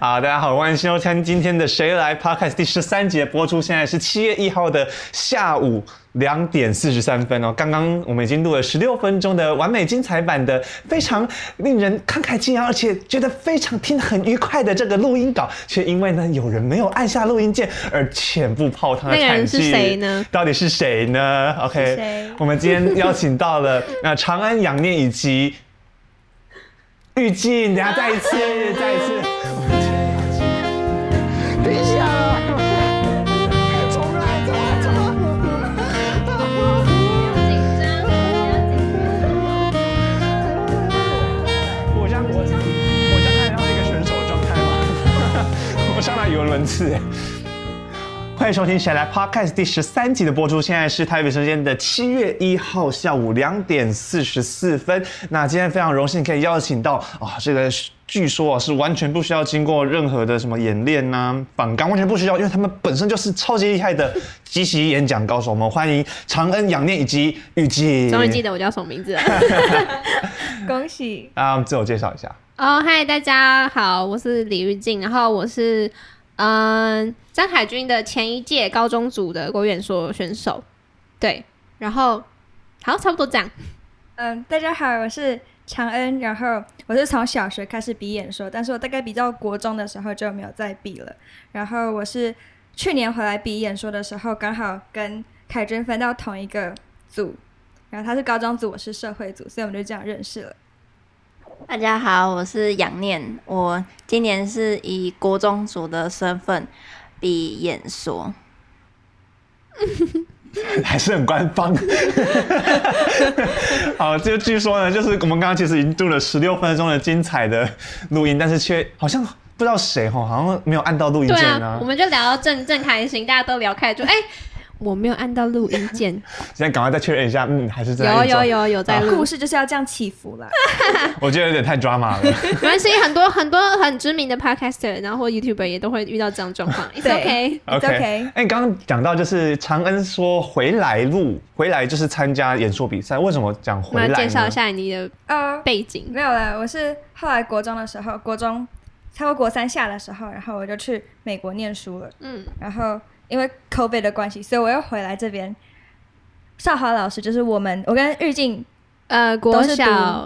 好，大家好，歡迎收看今天的《誰來》Podcast 第十三集播出。現在是七月一號的下午兩點四十三分哦。剛剛我們已經錄了十六分鐘的完美精彩版的，非常令人慷慨激昂，而且覺得非常聽得很愉快的這個錄音稿，卻因為呢有人沒有按下錄音鍵而全部泡湯的慘劇。那個人是誰呢？到底是誰呢？OK，誰我們今天邀請到了那 常恩養念以及育靜。等下，再一次，再一次。歡迎收聽《誰來 Podcast》第十三集的播出。現在是台北時間的七月一號下午兩點四十四分。那今天非常榮幸可以邀請到啊、哦，這個據說啊是完全不需要經過任何的什麼演練吶、啊、反崗，完全不需要，因為他們本身就是超級厲害的即席演講高手們。歡迎常恩、養念以及育靜。終於記得我叫什麼名字了， 恭喜！啊，自我介紹一下。哦，嗨，大家好，我是李育靜，然後我是。嗯，張海軍的前一屆高中組的國語演說選手，對，然後好，差不多這樣。嗯，大家好，我是常恩，然後我是從小學開始比演說，但是我大概比到國中的時候就沒有再比了。然後我是去年回來比演說的時候，剛好跟凱軍分到同一個組，然後他是高中組，我是社會組，所以我們就這樣認識了。大家好，我是養念，我今年是以國中組的身份比演說，還是很官方。 好，就據說呢，就是我們剛剛其實已經錄了十六分鐘的精彩的錄音，但是卻好像不知道誰吼，好像沒有按到錄音鍵啊，啊。我們就聊到正正開心，大家都聊開就哎。欸我沒有按到錄音鍵， 現在趕快再確認一下，嗯，還是有有有有，有在錄， 故事就是要這樣起伏了。 我覺得有點太抓馬了。 沒關係，很多很多很知名的 podcaster，然後 YouTuber 也都會遇到這樣狀況。It's okay. 對，OK，OK。哎，你剛剛講到就是常恩說回來錄，回來就是參加演說比賽，為什麼講回來？那要介紹一下你的呃背景。Uh, 沒有了，我是後來國中的時候，國中差不多國三下的時候，然後我就去美國念書了。書了嗯，然後。因為 COVID 的關係，所以我又回來這邊。少華老師就是我們，我跟育靜呃，國小都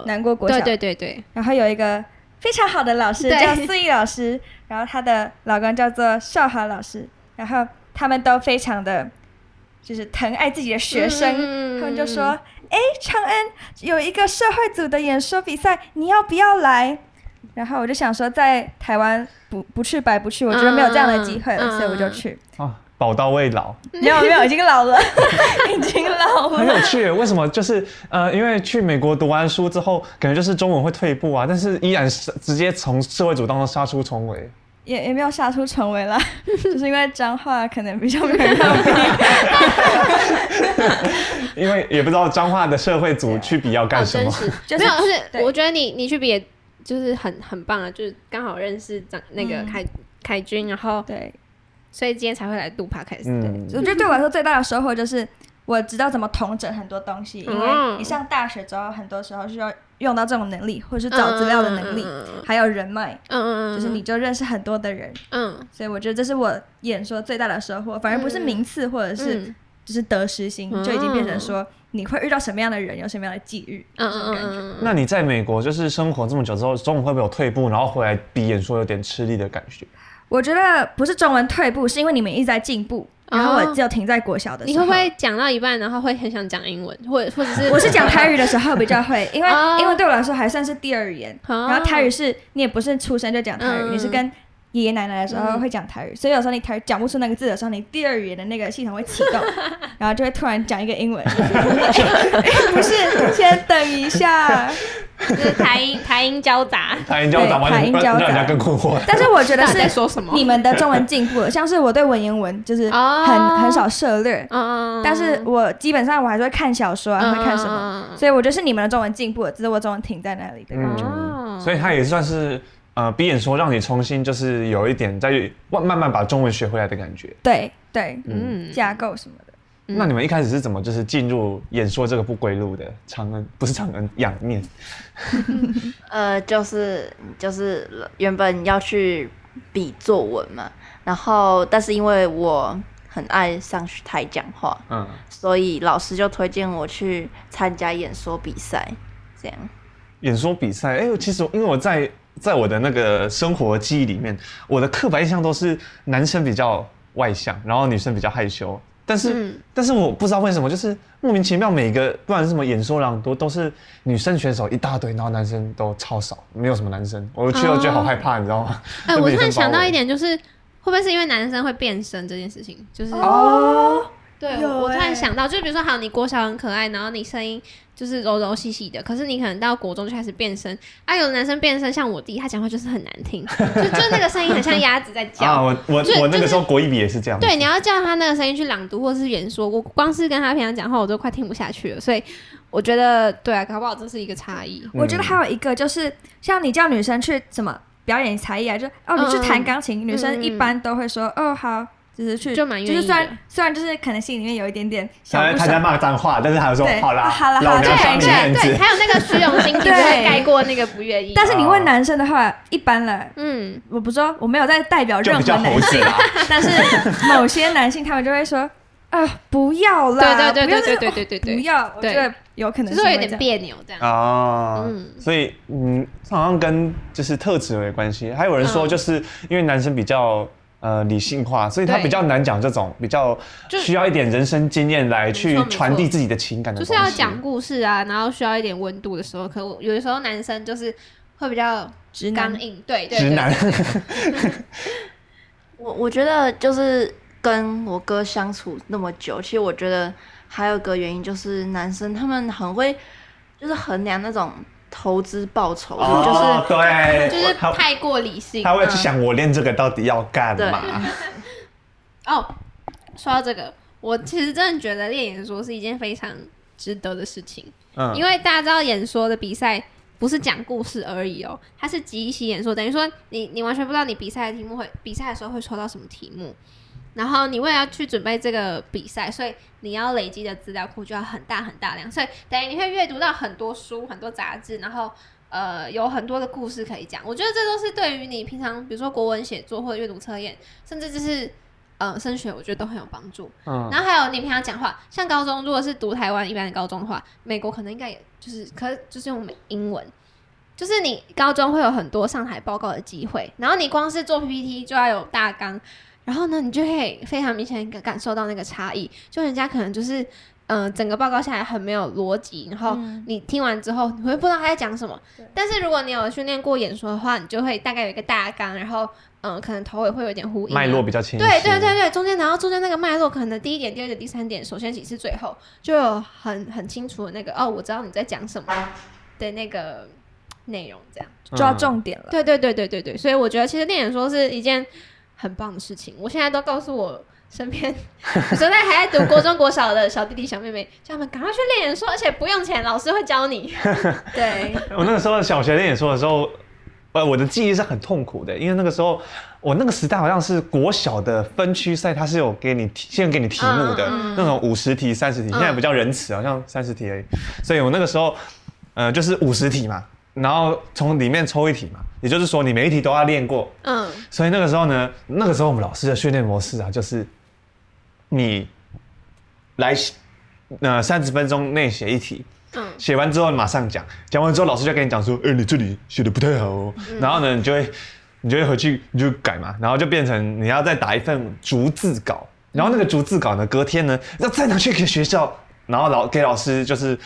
是南國國小，對對對對。然後有一個非常好的老師叫思義老師，對然後他的老公叫做少華老師，然後他們都非常的，就是疼愛自己的學生。嗯、他們就說：“哎、嗯，常恩有一個社會組的演說比賽，你要不要來？”然後我就想說，在台灣不不去白不去，我覺得沒有這樣的機會了，嗯嗯所以我就去、哦寶刀未老，沒有沒有，已經老了， 已經老了。很有趣，為什麼？就是呃，因為去美國讀完書之後，感覺就是中文會退步啊，但是依然是直接從社會組當中殺出重圍。也也沒有殺出重圍啦， 就是因為髒話可能比較沒有。 因為也不知道髒話的社會組去比要幹什麼，沒有、啊，就是我覺得你你去比就是很很棒啊，就是剛好認識張那個凱、嗯、凱軍，然後對。所以今天才會來錄 podcast。對、嗯、我覺得對我來說最大的收穫就是我知道怎麼統整很多東西，因為你上大學之後，很多時候需要用到這種能力，或者是找資料的能力，嗯、還有人脈。嗯嗯，就是你就認識很多的人。嗯。所以我覺得這是我演說最大的收穫，反而不是名次，或者是就是得失心，嗯、就已經變成說你會遇到什麼樣的人，有什麼樣的際遇這種、嗯、感覺。那你在美國就是生活這麼久之後，中文會不會有退步，然後回來比演說有點吃力的感覺？我覺得不是中文退步，是因為你們一直在進步，哦、然後我就停在國小的時候。你會不會講到一半，然後會很想講英文，或者或者是？ 我是講台語的時候比較會，因為因為對我來說還算是第二語言。哦、然後台語是你也不是出生就講台語，嗯、你是跟。爺爺奶奶的時候會講台語，所以有時候你台語講不出那個字的時候，你第二語言的那個系統會啟動，然後就會突然講一個英文。不是，先等一下，台英台英交雜，台英交雜，台英交雜，但是我覺得是你們的中文進步了，像是我對文言文就是很很少涉獵，但是我基本上我還是會看小說，啊，會看什麼，所以我覺得是你們的中文進步了，只是我中文停在那裡的感覺。所以它也算是。呃，比演說讓你重新就是有一點在慢慢把中文學回來的感覺。對對，對嗯，架構什麼的。嗯、那你們一開始是怎麼就是進入演說這個不歸路的？常恩不是常恩，養念。 呃，就是就是原本要去比作文嘛，然後但是因為我很愛上去台講話，嗯，所以老師就推薦我去參加演說比賽，這樣。演說比賽，哎、欸，其實因為我在。在我的那個生活記憶裡面，我的刻板印象都是男生比較外向，然後女生比較害羞。但是，嗯、但是我不知道為什麼，就是莫名其妙，每個不管是什麼演說朗讀，都是女生選手一大堆，然後男生都超少，沒有什麼男生。我去後覺得好害怕，哦、你知道嗎？哎、欸，我突然想到一點，就是會不會是因為男生會變聲這件事情，就是哦。哦對，欸、我突然想到，就比如說，好，你國小很可愛，然後你聲音就是柔柔細細的，可是你可能到國中就開始變聲啊。有的男生變聲，像我弟，他講話就是很難聽， 就就那個聲音很像鴨子在叫。啊，我對我、就是、我那個時候國一比也是這樣、就是。對，你要叫他那個聲音去朗讀或是演說，我光是跟他平常講話，我都快聽不下去了。所以我覺得，對啊，搞不好這是一個差異。嗯、我覺得還有一個就是，像你叫女生去怎麼表演才藝啊，就哦，你去彈鋼琴，嗯、女生一般都會說、嗯嗯、哦好。就是去就是雖然雖然就是可能心裡面有一點點，他他在罵髒話，但是他說好啦，好了好了，對對對，還有那個虛榮心，對，蓋過那個不願意。但是你問男生的話，一般了，嗯，我不知道，我沒有在代表任何男性，但是某些男性他們就會說啊不要了，對對對對對對不要，我覺得有可能就是有點彆扭這樣哦，所以嗯，好像跟就是特質有關係，還有人說就是因為男生比較。呃，理性化，所以他比較難講這種對比較需要一點人生經驗來去傳遞自己的情感的就，就是要講故事啊，然後需要一點溫度的時候，可我有的時候男生就是會比較直剛硬，男對，對對。直男 我。我我覺得就是跟我哥相處那麼久，其實我覺得還有個原因就是男生他們很會就是衡量那種。投資報酬，oh, 就是對，就是太過理性。他，他會去想，我練這個到底要幹嘛？嗯、 哦，說到這個，我其實真的覺得練演說是一件非常值得的事情。嗯，因為大家知道演說的比賽不是講故事而已哦，它是即席演說，等於說你你完全不知道你比賽的題目會比賽的時候會抽到什麼題目。然後你為了要去準備這個比賽，所以你要累積的資料庫就要很大很大量，所以等於你會閱讀到很多書、很多雜誌，然後呃有很多的故事可以講。我覺得這都是對於你平常，比如說國文寫作或者閱讀測驗，甚至就是呃升學，我覺得都很有幫助。嗯。然後還有你平常講話，像高中如果是讀台灣一般的高中的話，美國可能應該也就是可就是用英文，就是你高中會有很多上台報告的機會，然後你光是做 PPT 就要有大綱。然後呢，你就會非常明顯感感受到那個差異。就人家可能就是，嗯、呃，整個報告下來很沒有邏輯，然後你聽完之後你會不知道他在講什麼。嗯、但是如果你有訓練過演說的話，你就會大概有一個大綱，然後嗯、呃，可能頭尾會有點呼應、啊，脈絡比較清楚。對對對對，中間然後中間那個脈絡，可能第一點、第二點、第三點，首先其次最後，就有很很清楚的那個哦，我知道你在講什麼的那個內容，這樣抓重點了、嗯。對對對對對對，所以我覺得其實練演說是一件。很棒的事情，我現在都告訴我身邊，現在還在讀國中、國小的小弟弟、小妹妹，叫他們趕快去練演說，而且不用錢，老師會教你。對， 我那個時候的小學練演說的時候，呃，我的記憶是很痛苦的，因為那個時候我那個時代好像是國小的分區賽，它是有給你先給你題目的、嗯嗯、那種五十題、三十題，現在比較仁慈，嗯、好像三十題而已。所以我那個時候，呃，就是五十題嘛。然後從裡面抽一題嘛，也就是說你每一題都要練過。嗯。所以那個時候呢，那個時候我們老師的訓練模式啊，就是你來寫，呃，三十分鐘內寫一題。嗯。寫完之後馬上講，講完之後老師就跟你講說：“哎、欸，你這裡寫得不太好哦。”然後呢你，你就會你就會回去你就改嘛，然後就變成你要再打一份逐字稿。然後那個逐字稿呢，隔天呢要再拿去給學校，然後老給老師就是。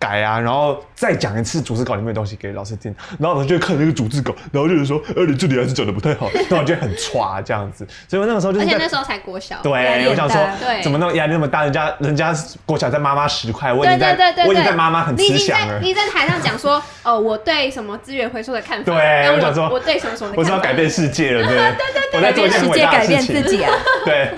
改啊，然後再講一次主持稿裡面的東西給老師聽，然後老師就會看那個主持稿，然後就是說，呃，你這裡還是講得不太好，然後覺得很歘這樣子，所以我那個時候就而且那時候才國小，對，我想說，對，怎麼那麼壓力那麼大，人家人家國小在媽媽十塊，我已經在，我已經在媽媽很慈祥了，你在台上講說，哦，我對什麼資源回收的看法，對，我想說我對什麼什麼，我知道改變世界了，對，對對對，我在做一件對。對。對。偉大的事情，改變自己啊，對，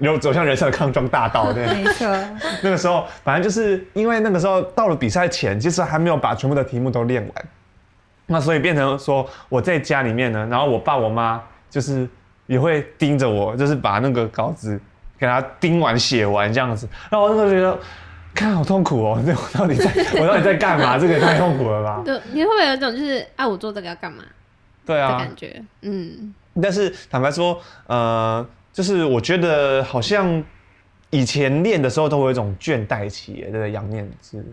對。走向人生的康莊大道，對，沒錯，那個時候反正就是因為那個時候。到了比賽前，其實還沒有把全部的題目都練完，那所以變成說我在家裡面呢，然後我爸我媽就是也會盯着我，就是把那個稿子給他盯完寫完這樣子。然後我就覺得，看好痛苦哦、喔，對，我到底在，我到底在幹嘛？ 這個也太痛苦了吧？對，你會不會有一種就是啊，我做這個要幹嘛？對啊，這感覺，嗯。但是坦白說，呃，就是我覺得好像以前練的時候都會有一種倦怠期，對不對，養念之？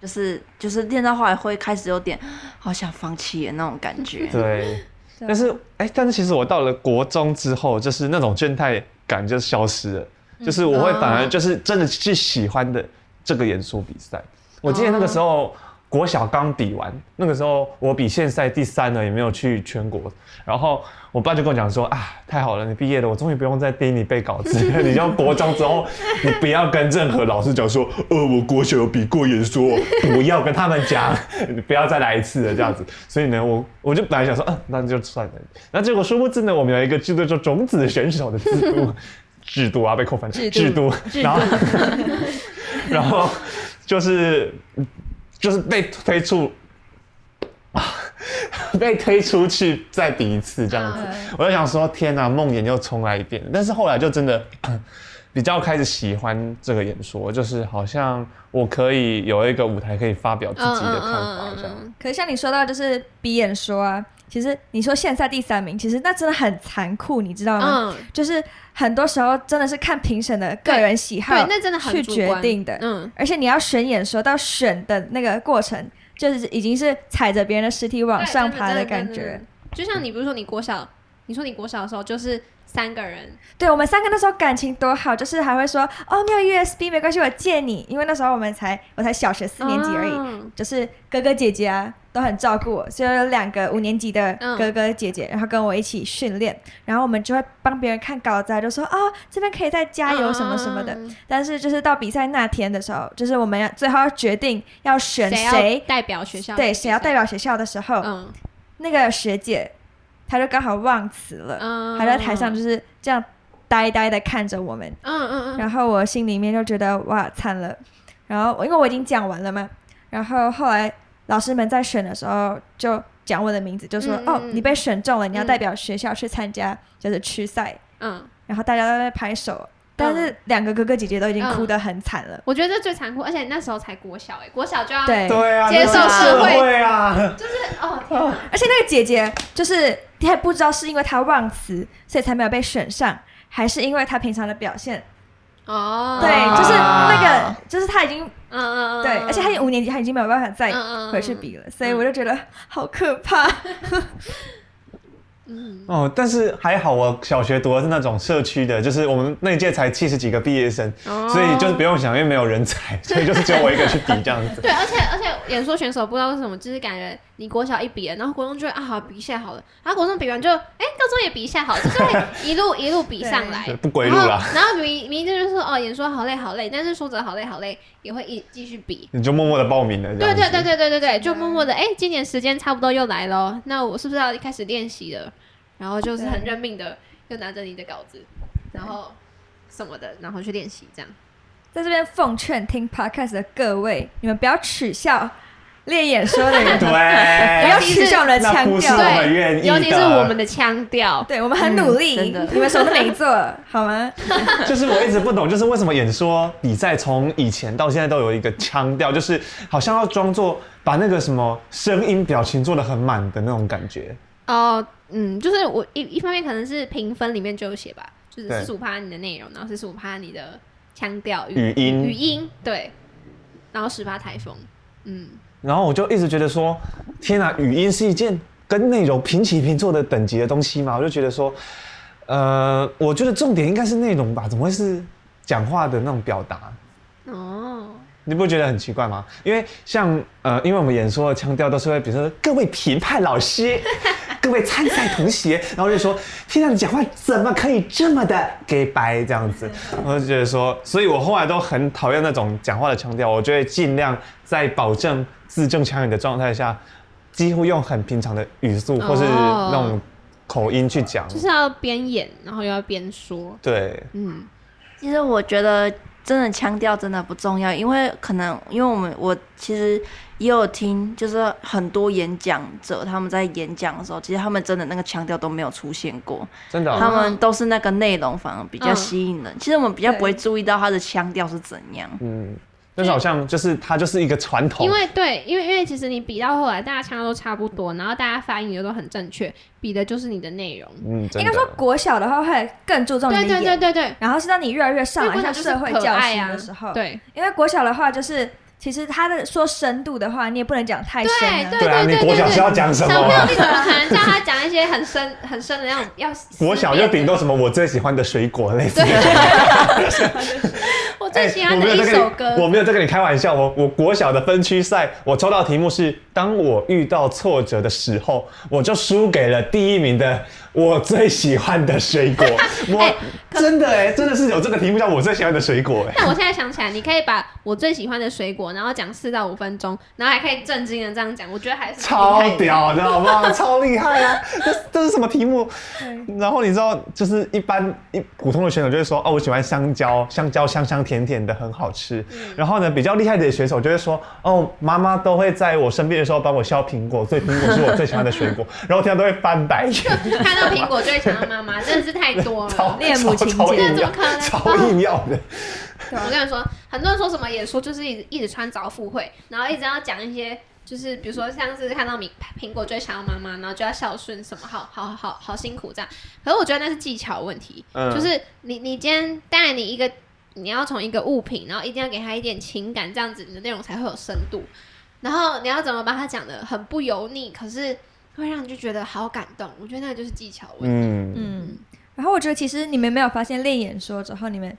就是就是練到後來會開始有點好想放棄的那種感覺，對。但是哎、欸，但是其實我到了國中之後，就是那種倦怠感就消失了，就是我會反而就是真的去喜歡的這個演出比賽。我記得那個時候。國小剛比完，那個時候我比縣賽第三了，也沒有去全國。然後我爸就跟我講說：“啊，太好了，你畢業了，我終於不用再盯你背稿子。 你要國中之後，你不要跟任何老師講說，呃，我國小有比過演說，不要跟他們講，你不要再來一次的這樣子。”所以呢，我我就本來想說，嗯、啊，那就算了。那結果殊不知呢，我們有一個制度叫“種子選手”的制度，制度啊被扣分，制度，然後， 然後就是。就是被推出，啊， 被推出去再比一次這樣子，uh, okay. 我就想說天啊，夢魘又重來一遍。但是後來就真的比較開始喜歡這個演說，就是好像我可以有一個舞台可以發表自己的看法這樣。Uh, uh, uh, uh. 可是像你說到的就是逼演說啊。其實你說現在第三名，其實那真的很殘酷，你知道嗎？嗯，就是很多時候真的是看評審的個人喜好，去決定的，的，嗯。而且你要選演說，到選的那個過程，就是已經是踩着別人的屍體往上爬的感覺。就像你，比如說你國小，你說你國小的時候就是。三個人，對我們三個那時候感情多好，就是還會說哦，沒有 USB，沒關係，我借你。因為那時候我們才我才小學四年級而已，哦、就是哥哥姐姐啊都很照顧我，所以有兩個五年級的哥哥姐姐，嗯、然後跟我一起訓練，然後我們就會幫別人看稿子，啊，就說啊、哦、這邊可以再加油什麼什麼的。嗯嗯嗯，但是就是到比賽那天的時候，就是我們要最後要決定要選誰代表學校，學校，對，誰要代表學校的時候，嗯、那個學姐。他就剛好忘詞了，還、oh, oh, oh, oh. 在台上就是這樣呆呆的看着我們。Oh, oh, oh. 然後我心裡面就覺得哇，慘了。然後因為我已經講完了嘛，然後後來老師們在選的時候就講我的名字，就說、嗯、哦，你被選中了，你要代表學校去參加、嗯、就是區賽。嗯。Oh. 然後大家都在拍手。但是兩個哥哥姐姐都已經哭得很慘了、嗯，我覺得這最殘酷，而且那時候才國小哎、欸，國小就要對接受社會，對會啊，就是哦、啊、哦，而且那個姐姐就是也不知道是因為她忘詞，所以才沒有被選上，還是因為她平常的表現哦，對，就是那個、啊、就是她已經嗯對，而且她已經五年級，她已經沒有辦法再回去比了，嗯、所以我就覺得好可怕。嗯 嗯、哦，但是還好，我小學讀的是那種社區的，就是我們那一屆才七十幾個畢業生，哦、所以就是不用想，因為沒有人才，所以就是只有我一個去比這樣子。對，而且而且演說選手不知道是什麼，就是感覺你國小一比，然後國中就會啊好比一下好了，然後國中比完就哎、欸、高中也比一下好了，就,就會一路一路比上來，對後不歸路啦然。然後明明就就是說哦演說好累好累，但是說着好累好累也會一繼續比。你就默默的報名了。對對對對對對對，就默默的，哎、欸、今年時間差不多又來嘍，那我是不是要開始練習了？然後就是很認命的，又拿着你的稿子，對然後什麼的，然後去練習。這樣，在這邊奉勸聽 Podcast 的各位，你們不要取笑練演說的人， 對 不要取笑我們的腔調，對，意對，尤其是我們的腔調，對，我們很努力，你們什麼都沒做，好嗎？ 就是我一直不懂，就是為什麼演說比賽從以前到現在都有一個腔調，就是好像要裝作把那個什麼聲音、表情做的很滿的那種感覺哦。Oh. 嗯，就是我一一方面可能是評分裡面就有寫吧，就是四十五趴你的內容，對然後四十五趴你的腔調語，語音語音，對，然後十趴台風，嗯，然後我就一直覺得說，天哪，啊，語音是一件跟內容平起平坐的等級的東西嘛，我就覺得說，呃，我覺得重點應該是內容吧，怎麼會是講話的那種表達？哦。你不覺得很奇怪嗎？因為像呃，因為我們演說的腔調都是會，比如說各位評判老師， 各位參賽同學，然後就說現在 的講話怎麼可以這麼的假掰這樣子？我就覺得說，所以我後來都很討厭那種講話的腔調。我就會盡量在保證字正腔圓的狀態下，幾乎用很平常的語速或是那種口音去講、哦，就是要邊演然後又要邊說。對，嗯，其實我覺得。真的腔調真的不重要，因為可能因為我們我其實也有聽，就是很多演講者他們在演講的時候，其實他們真的那個腔調都沒有出現過，真的，喔，他們都是那個內容反而比較吸引人。嗯，其實我們比較不會注意到他的腔調是怎樣，對嗯。嗯、就是好像，就是它就是一個，傳統。因為對，因為因為其實你比到後來，大家腔的都差不多，然後大家發音也都很正確，比的就是你的內容。嗯，應該說國小的話會更注重，對對對對對，然後是當你越來越上來像社會教育的時候，對，啊、對，因為國小的話就是。其實他的說深度的話，你也不能講太深，啊對，對，然、啊、你國小是要講什麼啊？對對對對，小朋友你怎麼可能叫他講一些很深很深的那種？要國小就頂多什麼我最喜歡的水果類似。我最喜歡的一首歌。欸、我沒有在跟，跟你開玩笑，我我國小的分區賽，我抽到的題目是：當我遇到挫折的時候，我就輸給了第一名的。我最喜歡的水果，我真的哎、欸，真的是有這個題目叫“我最喜歡的水果”哎。但我現在想起來，你可以把我最喜歡的水果，然後講四到五分鐘，然後還可以震驚的這樣講，我覺得還是超屌的好不好？超厲害啊！這這是什麼題目？然後你知道，就是一般一普通的選手就是說，哦，我喜歡香蕉，香蕉香香甜甜的，很好吃。然後呢，比較厲害的選手就會說，哦，媽媽都會在我生病的時候幫我削蘋果，所以蘋果是我最喜歡的水果。然後天天都會翻白眼。看到蘋果最強的媽媽 真的是太多了，戀母情節怎麼可能？我跟你說，很多人說什麼也說，就是一直一直穿鑿附會，然後一直要講一些，就是比如說像是看到你蘋果最強的媽媽，然後就要孝順什麼，好好好好辛苦這樣。可是我覺得那是技巧問題，嗯、就是你你今天帶你一個，你要從一個物品，然後一定要給他一點情感，這樣子你的內容才會有深度，然後你要怎麼把它講得很不油膩，可是。會讓你就覺得好感動，我覺得那個就是技巧問題。嗯，嗯，然後我覺得其實你們沒有發現練演說之後，你們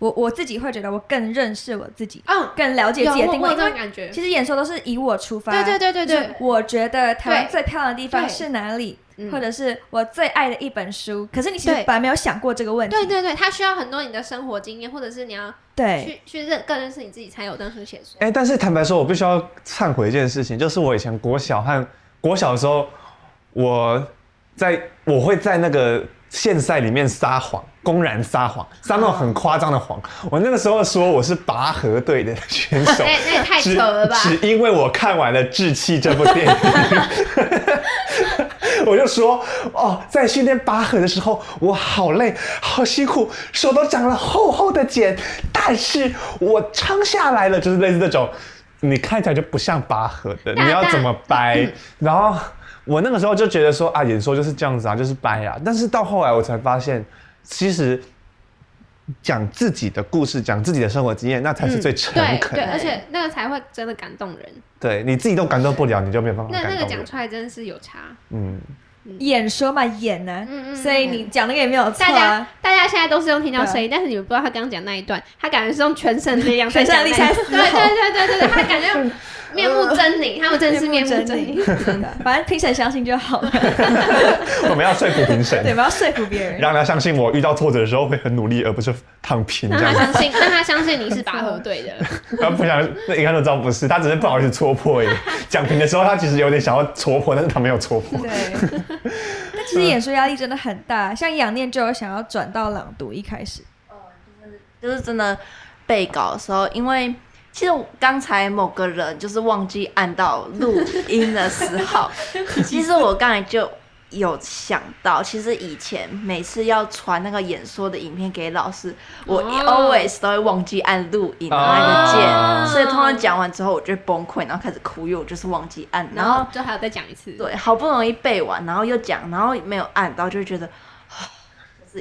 我我自己會覺得我更認識我自己，哦、更了解自己的定位。我我這種感覺，其實演說都是以我出發。對對對對對，我覺得台灣最漂亮的地方是哪裡，或者是我最愛的一本書。可是你其實本來沒有想過這個問題。對,對對對，它需要很多你的生活經驗，或者是你要對去去認更認識你自己才有當時寫出。哎，但是坦白說，我必須要懺悔一件事情，就是我以前國小和國小的時候。我在，在我會在那個縣賽裡面撒謊，公然撒謊，啊、撒那種很誇張的謊。我那個時候說我是拔河隊的選手，那也、欸欸、太醜了吧？只、只因為我看完了《志氣》這部電影， 我就說哦，在訓練拔河的時候，我好累，好辛苦，手都長了厚厚的繭，但是我撐下來了，就是類似那種，你看起來就不像拔河的，你要怎麼掰？嗯、然後。我那個時候就覺得說啊，演說就是這樣子啊，就是掰啊。但是到後來我才發現，其實講自己的故事，講自己的生活經驗，那才是最誠懇。嗯，對，而且那個才會真的感動人。對，你自己都感動不了，你就沒有辦法感動人。那那個講出來真的是有差。嗯。演說嘛，演呢，所以你講那個也沒有錯。大家、大家現在都是用聽到聲音，但是你們不知道他剛剛講那一段，他感覺是用全身的力量，全身力才對。對對對對，他感覺面目猙獰，他有真是面目猙獰。真的，反正評審相信就好了。我們要說服評審，我們要說服別人，讓他相信我遇到挫折的時候會很努力，而不是躺平。讓他相信，讓他相信你是拔河隊的。他不想，那一看都知道不是，他只是不好意思戳破。哎，講評的時候他其實有點想要戳破，但是他沒有戳破。對。 其實演說壓力真的很大，嗯、像養念就有想要轉到朗讀一開始，哦，就是就是真的背稿的時候，因為其實剛才某個人就是忘記按到錄音的時候， 其實我剛才就。 有想到，其實以前每次要傳那個演說的影片給老師，我 always 都會忘記按錄影的那個鍵，哦、所以通常講完之後我就崩潰，然後開始哭，因為我就是忘記按，然後，然後就還要再講一次。對，好不容易背完，然後又講，然後沒有按，然後就會覺得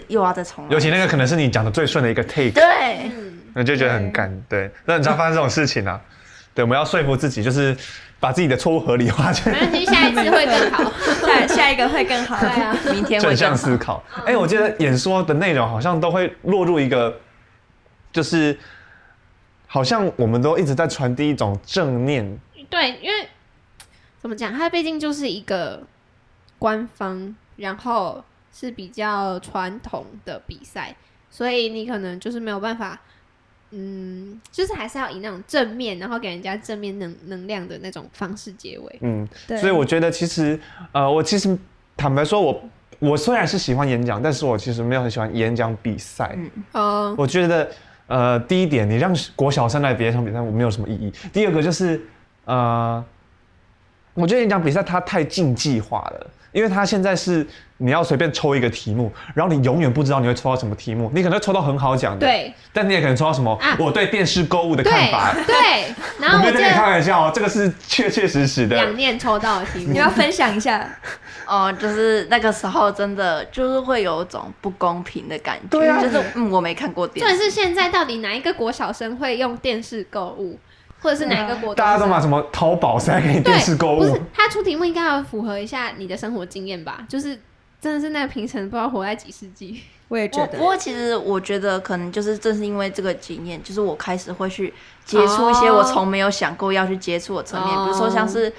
又要再重。尤其那個可能是你講的最順的一個 take，對，嗯、那就覺得很乾，對，但你知道發生這種事情啊， 對，我們要說服自己，就是把自己的錯誤合理化。沒關係，下一次會更好。 下一個會更好，對啊，明天會更好。正向思考，哎、欸，我覺得演說的內容好像都會落入一個，就是，好像我們都一直在傳遞一種正念。對，因為怎麼講，它畢竟就是一個官方，然後是比較傳統的比賽，所以你可能就是沒有辦法。嗯，就是還是要以那種正面，然後給人家正面能能量的那種方式結尾。嗯，對所以我覺得其實，呃，我其實坦白說我，我我雖然是喜歡演講，但是我其實沒有很喜歡演講比賽。嗯，呃，我覺得，呃，第一點，你讓國小生來比賽，比賽我沒有什麼意義。第二個就是，呃。我覺得演講比賽它太競技化了，因為它現在是你要隨便抽一個題目，然後你永遠不知道你會抽到什麼題目，你可能會抽到很好講的，對，但你也可能抽到什麼、啊、我對電視購物的看法、欸對。對，然後我跟你開玩笑哦、喔，這個是確確實實的。養念抽到的題目，你要分享一下。哦、呃，就是那個時候真的就是會有一種不公平的感覺，對啊、就是嗯我沒看過電視。是現在到底哪一個國小生會用電視購物？或者是哪一個國家？大家都買什麼淘寶塞給你電視購物？對，不是，他出題目應該要符合一下你的生活經驗吧？ 就是真的是那個平成不知道活在幾世紀？我也覺得、欸。不過其實我覺得可能就是正是因為這個經驗，就是我開始會去接觸一些我從沒有想過要去接觸的層面，oh. 比如說像是。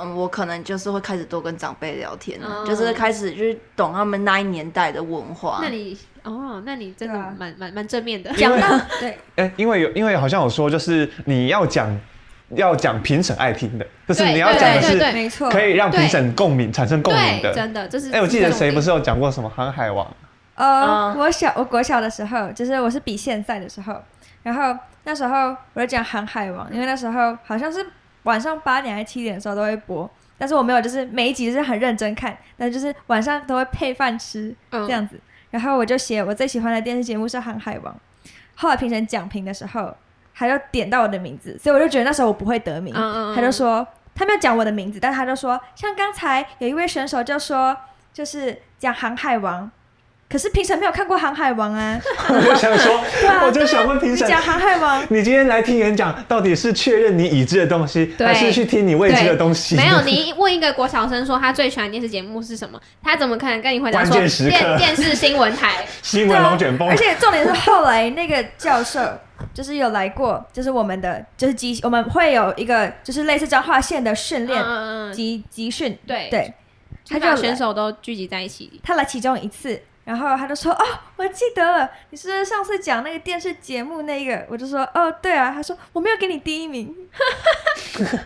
嗯，我可能就是會開始多跟長輩聊天，就是開始就是懂他們那一年代的文化。那你哦，那你真的蠻蠻蠻正面的。講。對，哎，因為有因為好像有說，就是你要講要講評審愛聽的，就是你要講的是沒錯，可以讓評審共鳴産生共鳴的。真的，就是哎，我記得誰不是有講過什麼《航海王》？呃，我小我國小的時候，就是我是比現在的時候，然後那時候我在講《航海王》，因為那時候好像是。晚上八點還是七點的時候都會播，但是我沒有，就是每一集是很認真看，但是就是晚上都會配飯吃這樣子。嗯、然後我就寫我最喜歡的電視節目是《航海王》。後來評審講評的時候，他就點到我的名字，所以我就覺得那時候我不會得名。嗯嗯嗯。他就說他沒有講我的名字，但他就說像剛才有一位選手就說就是講《航海王》，可是平常沒有看過《航海王》啊！ 我想說， 啊、我就想問，平常你講《航海王》， 你今天來聽演講，到底是確認你已知的東西，對還是去聽你未知的東西？沒有，你問一個國小生說他最喜歡電視節目是什麼？他怎麼可能跟你回答說電視新聞台？新聞龍捲風，而且重點是後來那個教授就是有來過，就是我們的就是集 我們會有一個就是類似這樣畫線的訓練、嗯嗯嗯、集集訓，對對，他就對選手都聚集在一起，他來，他來其中一次。然後他就說：“哦，我記得了，你是上次講那個電視節目那個？”我就說：“哦，對啊。”他說：“我沒有給你第一名，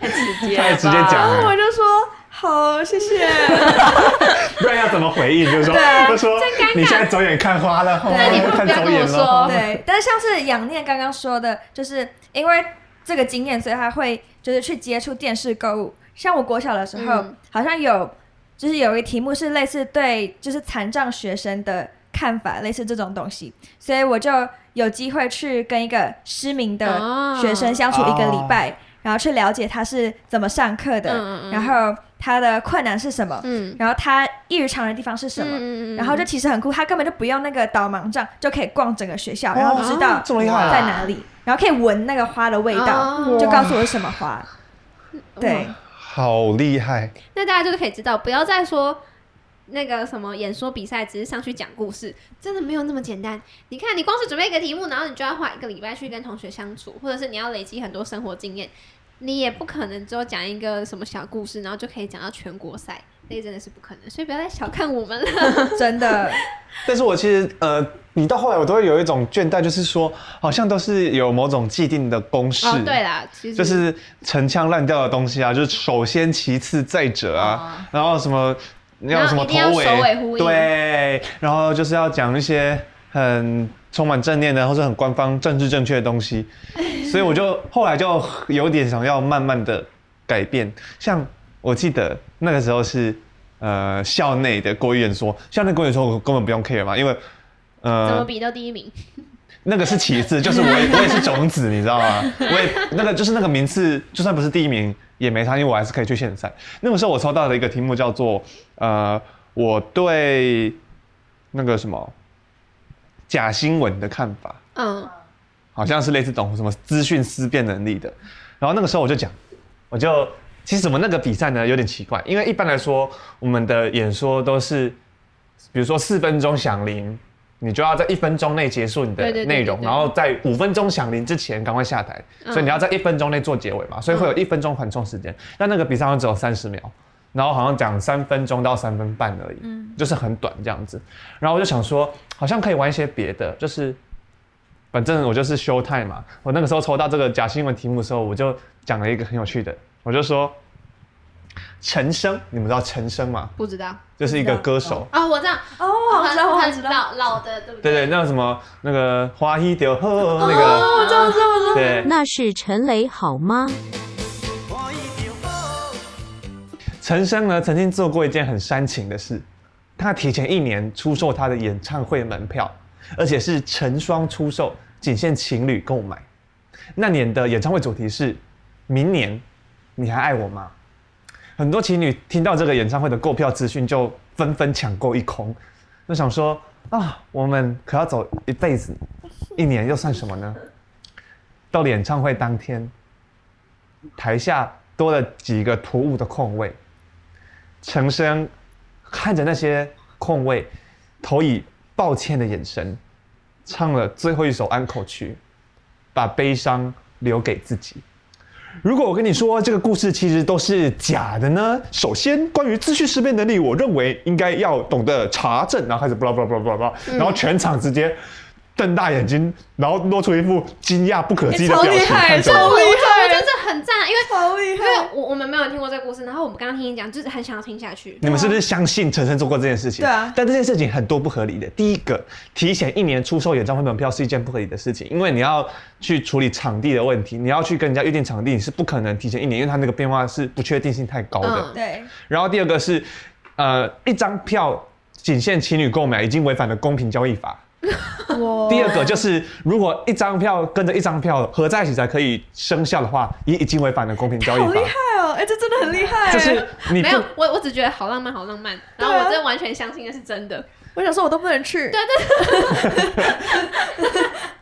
太直接，太直接講。”然後我就說：“好，謝謝。”不然要怎麼回應？就是說，對，就說你現在走眼看花了，那你不要跟我說。對，但是像是養念剛剛說的，就是因為這個經驗，所以他會就是去接觸電視購物。像我國小的時候，好像有。就是有一個題目是類似對，就是殘障學生的看法，類似這種東西，所以我就有機會去跟一個失明的學生相處一個禮拜，哦哦、然後去了解他是怎麼上課的，嗯、然後他的困難是什麼，嗯、然後他異於常人的地方是什麼，嗯、然後就其實很酷，他根本就不用那個導盲杖就可以逛整個學校，哦、然後不知道在哪裡，啊、然後可以聞那個花的味道，嗯、就告訴我是什麼花，哇對。好厲害！那大家就是可以知道，不要再說那個什麼演說比賽，只是上去講故事，真的沒有那麼簡單。你看，你光是準備一個題目，然後你就要花一個禮拜去跟同學相處，或者是你要累積很多生活經驗，你也不可能就講一個什麼小故事，然後就可以講到全國賽。那真的是不可能，所以不要再小看我們了，真的。但是我其實，呃，你到後來我都會有一種倦怠，就是說，好像都是有某種既定的公式，哦、對啦，其實就是陳腔濫調的東西啊，就是首先、其次、再者啊，哦、然後什麼你要什麼頭尾，要首尾呼應，對，然後就是要講一些很充滿正念的，或者很官方、政治正確的東西，所以我就 後來就有點想要慢慢的改變，像。我記得那個時候是，呃，校內的國語演說說，校內國語演說說，我根本不用 care 嘛，因為，呃，怎麼比都第一名，那個是其次，就是我，我也是種子， 你知道嗎？我也那個就是那個名次，就算不是第一名也沒差，因為我還是可以去縣賽。那個時候我抽到了一個題目，叫做呃，我對那個什麼假新聞的看法，嗯，好像是類似懂什麼資訊思辨能力的，然後那個時候我就講，我就。其實怎麼那個比賽呢，有點奇怪，因為一般來說我們的演說都是，比如說四分鐘響鈴，你就要在一分鐘內結束你的內容，對對對對對，然後在五分鐘響鈴之前趕快下台，嗯、所以你要在一分鐘內做結尾嘛，所以會有一分鐘緩衝時間。嗯、但那個比賽好像只有三十秒，然後好像講三分鐘到三分半而已，嗯、就是很短這樣子。然後我就想說，好像可以玩一些別的，就是反正我就是 show time 嘛。我那個時候抽到這個假新聞題目的時候，我就講了一個很有趣的。我就說，陳昇，你們知道陳昇嗎？不知道，就是一個歌手啊、哦哦。我這樣，哦，我，好我好知道，我知道，我知道老，老的，對不對？對對，那什麼？那個花衣調那個，哦、啊，我知道，我知道，對，那是陳雷好嗎？陳昇呢，曾經做過一件很煽情的事，他提前一年出售他的演唱會門票，而且是成雙出售，僅限情侶購買。那年的演唱會主題是明年。你還愛我嗎？很多情侶聽到這個演唱會的購票資訊，就紛紛搶購一空。就想說啊，我們可要走一輩子，一年又算什麼呢？到了演唱會當天，台下多了幾個突兀的空位，陳升看着那些空位，投以抱歉的眼神，唱了最後一首《安可曲》，把悲傷留給自己。如果我跟你說這個故事其實都是假的呢？首先，關於資訊識別能力，我認為應該要懂得查證，然後開始布拉布拉布拉布拉，然後全場直接瞪大眼睛，然後露出一副驚訝不可及的表情，欸、超索厲害！很讚、啊，因為因為我我們沒有聽過這個故事，然後我們剛剛聽你講，就是很想要聽下去。你們是不是相信陳昇做過這件事情？對啊，但這件事情很多不合理的。第一個，提前一年出售演唱會門票是一件不合理的事情，因為你要去處理場地的問題，你要去跟人家預定場地，你是不可能提前一年，因為他那個變化是不確定性太高的。嗯、對。然後第二個是，呃，一張票僅限情侶購買，已經違反了公平交易法。 第二個就是，如果一張票跟着一張票合在一起才可以生效的話，已已經違反了公平交易法。好厲害哦！哎、欸，這真的很厲害、啊。就是你沒有我，我只覺得好浪漫，好浪漫。然後我真的完全相信那是真的。啊、我想說，我都不能去。對，對對。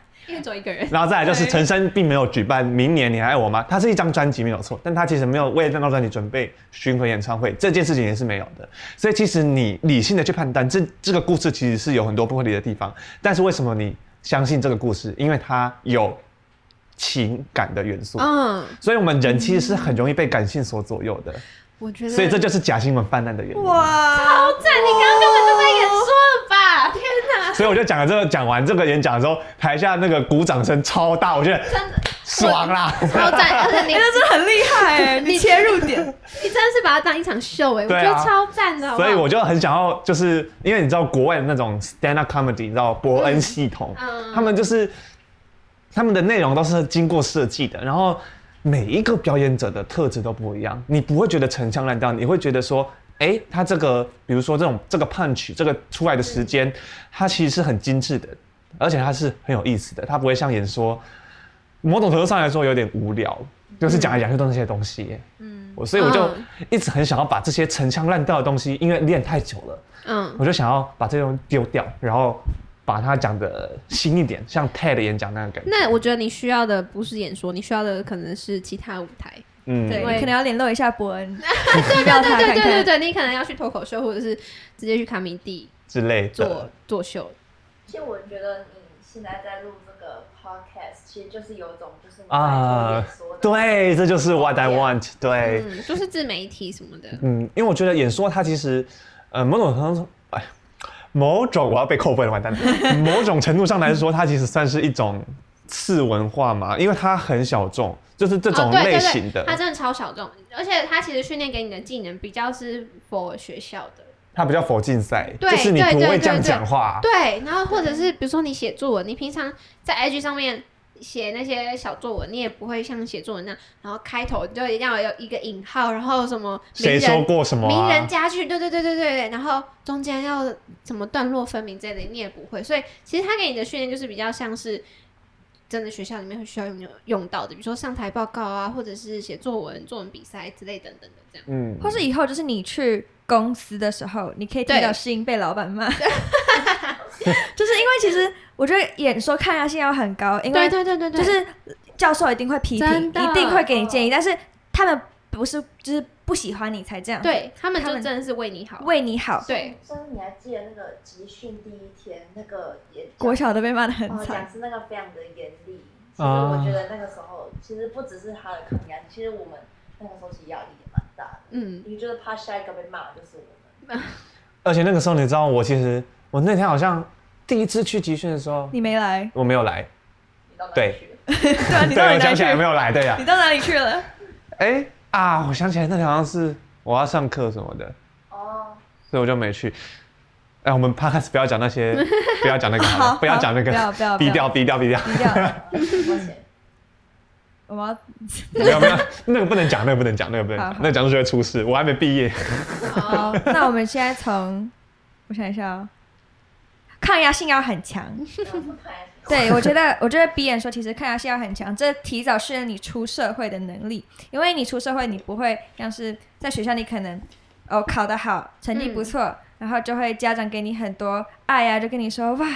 一個人，然後再來就是陳升並沒有舉辦明年你還愛我嗎？他對是一張專輯沒有錯，但他其實沒有為那張專輯準備巡迴演唱會，這件事情也是沒有的。所以其實你理性的去判斷，這這個故事其實是有很多不合理的地方。但是為什麼你相信這個故事？因為它有情感的元素，嗯，所以我們人其實是很容易被感性所左右的。我覺得，所以這就是假新聞氾濫的原因。哇，好慘，你剛剛根本就沒演說。所以我就講了這個，講完這個演講之後，台下那個鼓掌聲超大，我覺得真我爽啦！超讚 你真的、欸、很厲害、欸， 你切入點，你真的是把它當一場秀哎、欸，啊、我覺得超讚的好好。所以我就很想要，就是因為你知道國外的那種 stand up comedy，你知道博恩系統，嗯、他們就是他們的內容都是經過設計的，然後每一個表演者的特質都不一樣，你不會覺得陳腔濫調，你會覺得說。哎、欸，他這個，比如說這種這個 punch，這個出來的時間，對它其實是很精緻的，而且它是很有意思的，它不會像演說，某種程度上來說有點無聊，嗯、就是講來講去都是這些東西。嗯，我所以我就一直很想要把這些陳腔濫調的東西，因為練太久了，嗯，我就想要把這種丟掉，然後把它講的新一點， 像 TED 演講那樣感覺。那我覺得你需要的不是演說，你需要的可能是其他舞台。嗯，對，你為可能要聯絡一下博恩，對 對對對對對， 你可能要去脫口秀，或者是直接去卡米地之類做做秀。其實我覺得你現在在錄這個 podcast，其實就是有一種就是啊，演說。對，這就是 what I want，對，嗯，就是自媒體什麼的，嗯，因為我覺得演說它其實，呃，某種程度哎，某種我要被扣分了，完蛋， 某種程度上來說，它其實算是一種。次文化嘛，因為他很小眾，就是這種類型的。他、哦、真的超小眾，而且他其實訓練給你的技能比較是 for 學校的。他比較 for 競賽，對就是你不會這樣講話，對對對對。對，然後或者是比如說你寫作文，你平常在 IG 上面寫那些小作文，你也不會像寫作文那樣，然後開頭就一定要有一個引號，然後什麼誰說過什麼名、啊、人佳句，對對對對對對，然後中間要怎麼段落分明這類，你也不會。所以其實他給你的訓練就是比較像是。真的，學校裡面會需要用用到的，比如說上台報告啊，或者是寫作文、作文比賽之類等等的，這樣。嗯，或是以後就是你去公司的時候，你可以聽到適應被老板罵。就是因為其實我覺得演說抗壓性要很高，因為對，對對對對，就是教授一定會批評，的一定會給你建議，哦、但是他們不是就是。不喜歡你才這樣。對他們，就真的是為你好，為你好。對。所以你還記得那個集訓第一天那個演國小都被罵的很慘，講師、哦、那個非常的嚴厲。其實我覺得那個時候，其實不只是他的抗壓，其實我們那個時候其實壓力也蠻大的。嗯。因為就是怕下一個被罵，就是我們。而且那個時候你知道，我其實我那天好像第一次去集訓的時候，你沒來，我沒有來。對你到哪裡去了？ 對啊，你到哪裡哪裡去 對，我想起來沒有來，對呀、啊。你到哪裡去了？哎、欸。啊，我想起來，那天好像是我要上課什麼的，哦，oh. 所以我就沒去。哎、欸，我們 podcast 不要講那些， 不要講那個，oh, 不要講那個，掉不要不要低調低調低調低調。 我們不要不要那個不能講，那個不能講，那個不能講，那個講出去會出事。我還沒畢業。好 ，oh, 那我們現在從，我想一下哦，抗壓性要很強。 對，我覺得，我覺得，比演說其實抗壓性，要很強，這提早適應你出社會的能力，因為你出社會，你不會像是在學校，你可能，哦，考得好，成績不錯，嗯、然後就會家長給你很多愛呀、啊，就跟你說，哇，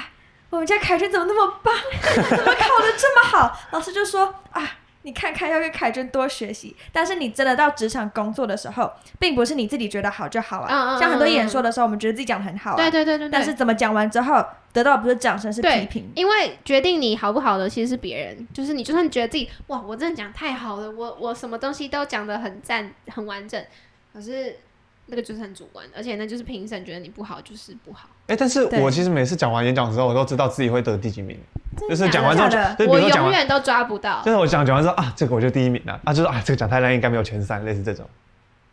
我們家凱旋怎麼那麼棒，怎麼考得這麼好，老師就說啊。你看看要跟凱娟多學習，但是你真的到職場工作的時候，並不是你自己覺得好就好啊。像很多演說的時候，我們覺得自己講得很好，啊。對對對對，對，對，但是怎麼講完之後得到的不是掌聲是批評。因為決定你好不好的其實是別人，就是你就算你覺得自己哇，我真的講太好了，我我什麼東西都講得很讚很完整，可是那個就是很主觀的，而且那就是評審覺得你不好就是不好。哎、欸，但是我其實每次講完演講的時候，我都知道自己會得第幾名。對就是講完之後的？我永遠都抓不到。就是我講講完之後，啊，這個我就第一名了啊，啊，就是啊，這個講太爛，應該沒有前三，類似這種。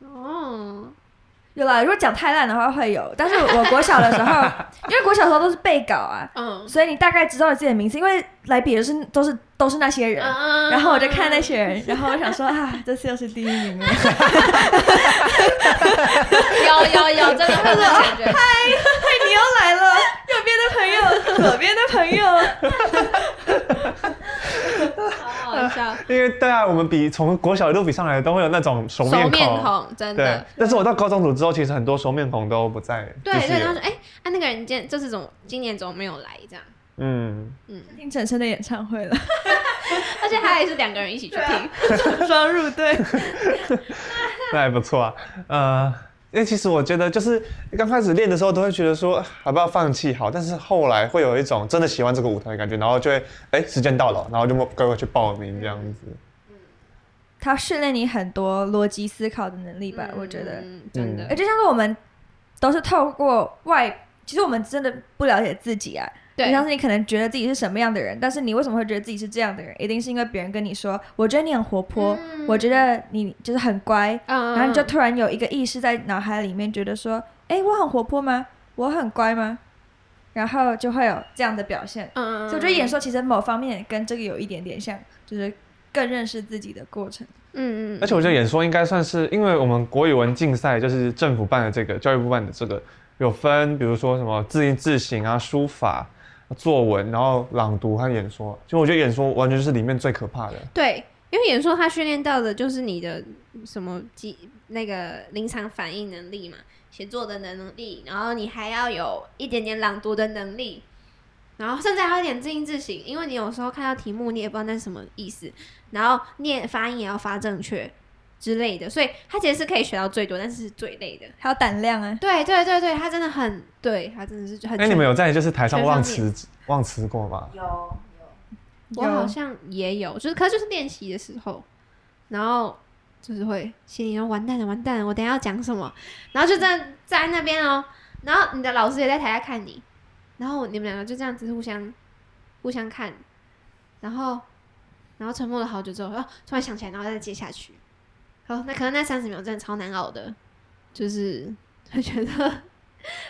哦，對了，如果講太爛的話會有，但是我國小的時候， 因為國小的時候都是背稿啊，嗯，所以你大概知道自己的名次，因為來比的、就是都是。都是那些人，然後我就看那些人，然後我想說，啊，這次又是第一名了。有有有，就那個，嗨嗨，你又來了，右邊的朋友，左邊的朋友。好好笑。因為對啊，我們比從國小一路比上來，都會有那種熟面孔。熟面孔，真的。但是，我到高中組之後，其實很多熟面孔都不在。對對，他說，哎，啊，那個人，今天這次怎麼今年怎麼沒有來？這樣。嗯嗯，聽陳升的演唱會了， 而且他也是兩個人一起去聽，成雙、啊、 入對， 那還不錯、啊。呃，因為其實我覺得，就是剛開始練的時候都會覺得說，好不要放棄好？但是後來會有一種真的喜歡這個舞台的感覺，然後就會哎，時間到了，然後就乖乖去報名這樣子。嗯，他訓練你很多邏輯思考的能力吧？嗯、我覺得真的，哎，就像是我們都是透過外，其實我們真的不了解自己啊。對，像是你可能覺得自己是什麼樣的人，但是你為什麼會覺得自己是這樣的人？一定是因為別人跟你說：“我覺得你很活潑，嗯、我覺得你就是很乖。嗯”然後你就突然有一個意識在腦海裡面，覺得說：“哎，我很活潑嗎？我很乖嗎？”然後就會有這樣的表現。嗯、所以我覺得演說其實某方面跟這個有一點點像，就是更認識自己的過程。嗯嗯。而且我覺得演說應該算是，因為我們國語文競賽就是政府辦的這個，教育部辦的這個有分，比如說什麼字音字形啊、書法。作文，然後朗讀和演說，其實我覺得演說完全是裡面最可怕的。對，因為演說他訓練到的就是你的什麼機那個臨場反應能力嘛，寫作的能力，然後你還要有一點點朗讀的能力，然後甚至還有一點字音字形，因為你有時候看到題目你也不知道那是什麼意思，然後念發音也要發正確。之類的，所以他其實是可以學到最多，但是，是最累的，還有膽量啊、欸！對對對對，他真的很，對他真的是很。那、欸、你們有在就是台上忘詞忘詞過吧？有有，我好像也有，就是可是就是練習的時候，然後就是會心裡說完蛋了，完蛋了，我等一下要講什麼？然後就在在那邊哦、喔，然後你的老師也在台下看你，然後你們兩個就這樣子互相互相看，然後然後沉默了好久之後，哦，突然想起來，然後再接下去。哦，那可能那三十秒真的超難熬的，就是會覺得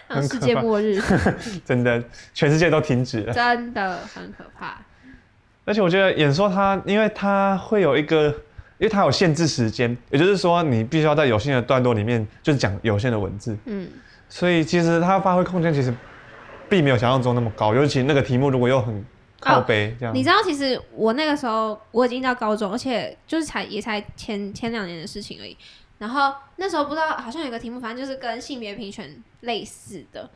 像世界末日，很可怕 真的全世界都停止了，真的很可怕。而且我覺得演說它，因為它會有一個，因為它有限制時間，也就是說你必須要在有限的段落裡面，就是講有限的文字，嗯，所以其實它發揮空間其實並沒有想象中那麼高，尤其那個題目如果又很。靠北、oh, 這樣。你知道，其實我那個時候我已經到高中，而且就是才也才前前兩年的事情而已。然後那時候不知道，好像有個題目，反正就是跟性別平權類似的。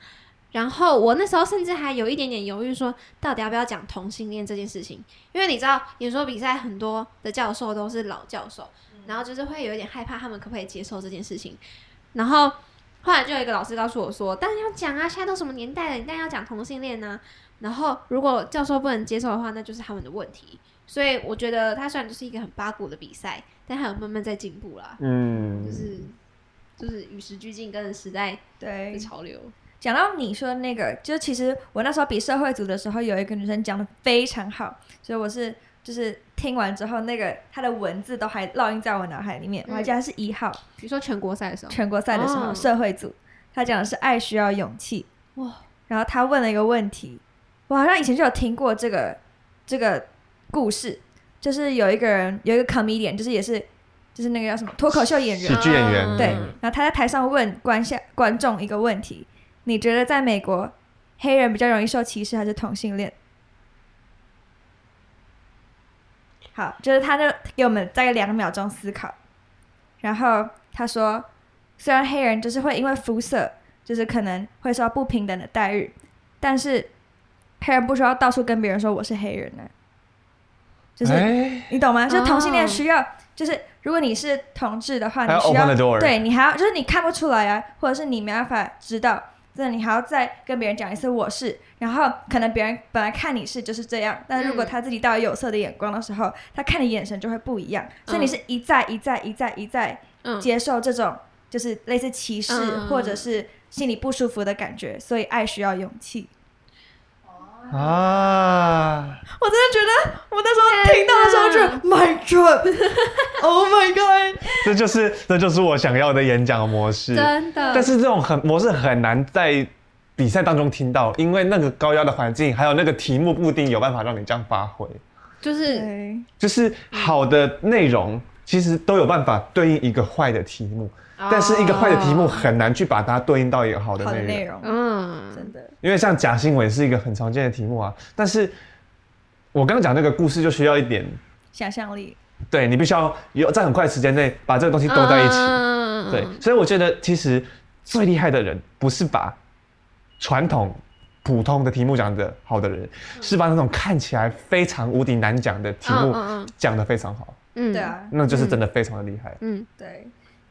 然後我那時候甚至還有一點點猶豫，說到底要不要講同性戀這件事情？因為你知道，演說比賽很多的教授都是老教授，嗯、然後就是會有點害怕他們可不可以接受這件事情。然後後來就有一個老師告訴我說：“當然要講啊，現在都什麼年代了，你當然要講同性戀呢。”然後，如果教授不能接受的話，那就是他們的問題。所以我覺得他雖然就是一個很八股的比賽，但還有慢慢在進步啦。嗯，就是就是與時俱進，跟着時代對，潮流對。講到你說的那個，就其實我那時候比社會組的時候，有一個女生講的非常好，所以我是就是聽完之後，那個她的文字都還烙印在我腦海裡面。對我還記得她是一號，比如說全國賽的時候，全國賽的時候、哦、社會組，他講的是“愛需要勇氣”。哇，然後他問了一個問題。我好像以前就有聽過這個這個故事，就是有一個人有一個 comedian，就是也是就是那個叫什麼脫口秀演員，喜劇演員。對，然後他在台上問觀下觀眾一個問題：你覺得在美國黑人比較容易受歧視還是同性戀？好，就是他就給我們大概兩秒鐘思考，然後他說：雖然黑人就是會因為膚色就是可能會受到不平等的待遇，但是，黑人不需要到處跟別人說我是黑人呢、啊，就是、欸、你懂嗎？就是同性戀需要，Oh. 就是如果你是同志的話，你需要對你還要就是你看不出來啊，或者是你沒辦法知道，真你還要再跟別人講一次我是，然後可能別人本來看你是就是這樣，但是如果他自己帶有有色的眼光的時候，嗯、他看你眼神就會不一樣，所以你是一再一再一再一再，一再接受這種就是類似歧視、嗯、或者是心裡不舒服的感覺，所以愛需要勇氣。啊！啊我真的覺得，我那時候聽到的時候就 My God，Oh my God！、Oh、my God! 這就是，這就是我想要的演講模式。真的，但是這種很模式很難在比賽當中聽到，因為那個高壓的環境，還有那個題目不一定有辦法讓你這樣發揮。就是，就是好的內容，其實都有辦法對應一個壞的題目。但是一個壞的題目很難去把它對應到一個好的內容，嗯，真的。因為像假新聞是一個很常見的題目啊，但是我剛剛講那個故事就需要一點想象力，對，你必須要有在很快的時間內把這個東西兜在一起，對。所以我覺得其實最厲害的人不是把傳統普通的題目講得好的人，是把那種看起來非常無敵難講的題目講得非常好，嗯，對啊，那就是真的非常的厲害，嗯，嗯，對。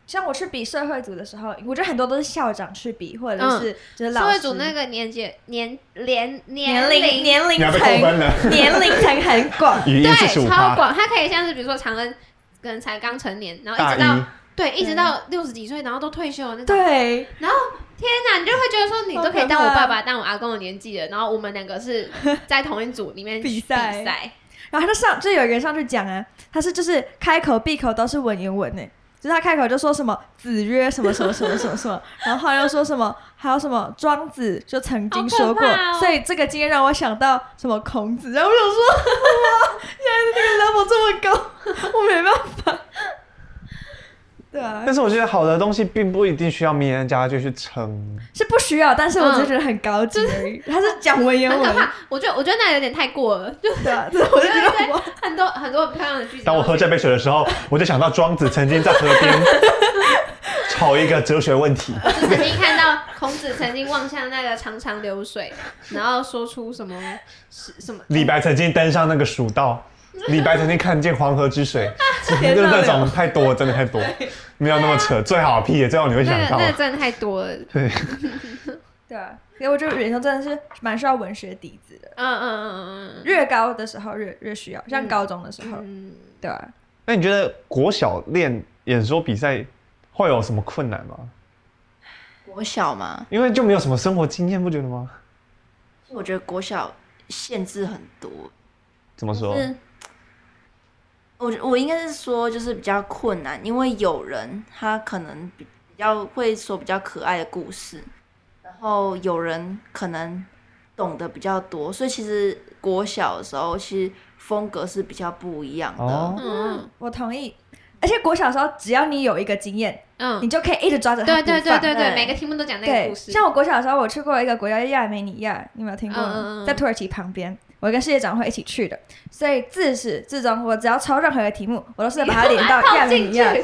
像我去比社會組的時候，我覺得很多都是校長去比，或者是就是老師、嗯、社會組那個年紀年、年、年、年齡、年齡層、年齡層 很廣，對，超廣。他可以像是比如說，常恩可能才剛成年，然後一直到 對，一直到六十幾歲，嗯、然後都退休，那種。對，然後天吶，你就會覺得說，你都可以當我爸爸、當我阿公的年紀了。然後我們兩個是在同一組裡面 比賽、比賽，然後他就上就有一個人上去講啊，他是就是開口閉口都是文言文呢。其實他開口就說什麼「子曰」什麼什麼什麼什麼什麼， 然後後來又說什麼還有什麼莊子就曾經說過，哦、所以這個經驗讓我想到什麼孔子，然後我想說，哇，原來那個 level 這麼高，我沒辦法。對啊，但是我覺得好的東西並不一定需要名人佳句去撐，是不需要。但是我就覺得很高，嗯，就是他是講文言文，我覺得我覺得那有點太過了，對，啊，我，啊，我就覺得很多很多漂亮的句子。當我喝這杯水的時候，我就想到莊子曾經在河邊， 吵一個哲學問題。我曾經看到孔子曾經望向那個潺潺流水然後說出什麼是什麼？李白曾經登上那個蜀道。李白曾經看見黃河之水，真的這種太多了，真的太多，對沒有那麼扯，啊、最好屁也最後你會想到、那個、那個，真的太多了。對， 對啊，所以我覺得演說真的是蠻需要文學底子的。嗯嗯嗯嗯嗯，越高的時候越越需要，像高中的時候，嗯、對、啊。那你覺得國小練演說比賽會有什麼困難嗎？國小嗎？因為就沒有什麼生活經驗，不覺得嗎？其實我覺得國小限制很多。怎麼說？嗯我我應該是說，就是比較困難，因為有人他可能比較會說比較可愛的故事，然後有人可能懂得比較多，所以其實國小的時候其實風格是比較不一樣的。哦，嗯，我同意。而且國小的時候，只要你有一個經驗，嗯，你就可以一直抓着他。對對對對對，對每個題目都講那個故事。像我國小的時候，我去過一個國家亞美尼亞，你有沒有聽過？嗯，在土耳其旁邊。我跟世界長會一起去的，所以自始至終，我只要抄任何一個題目，我都是把它連到亞美尼亞。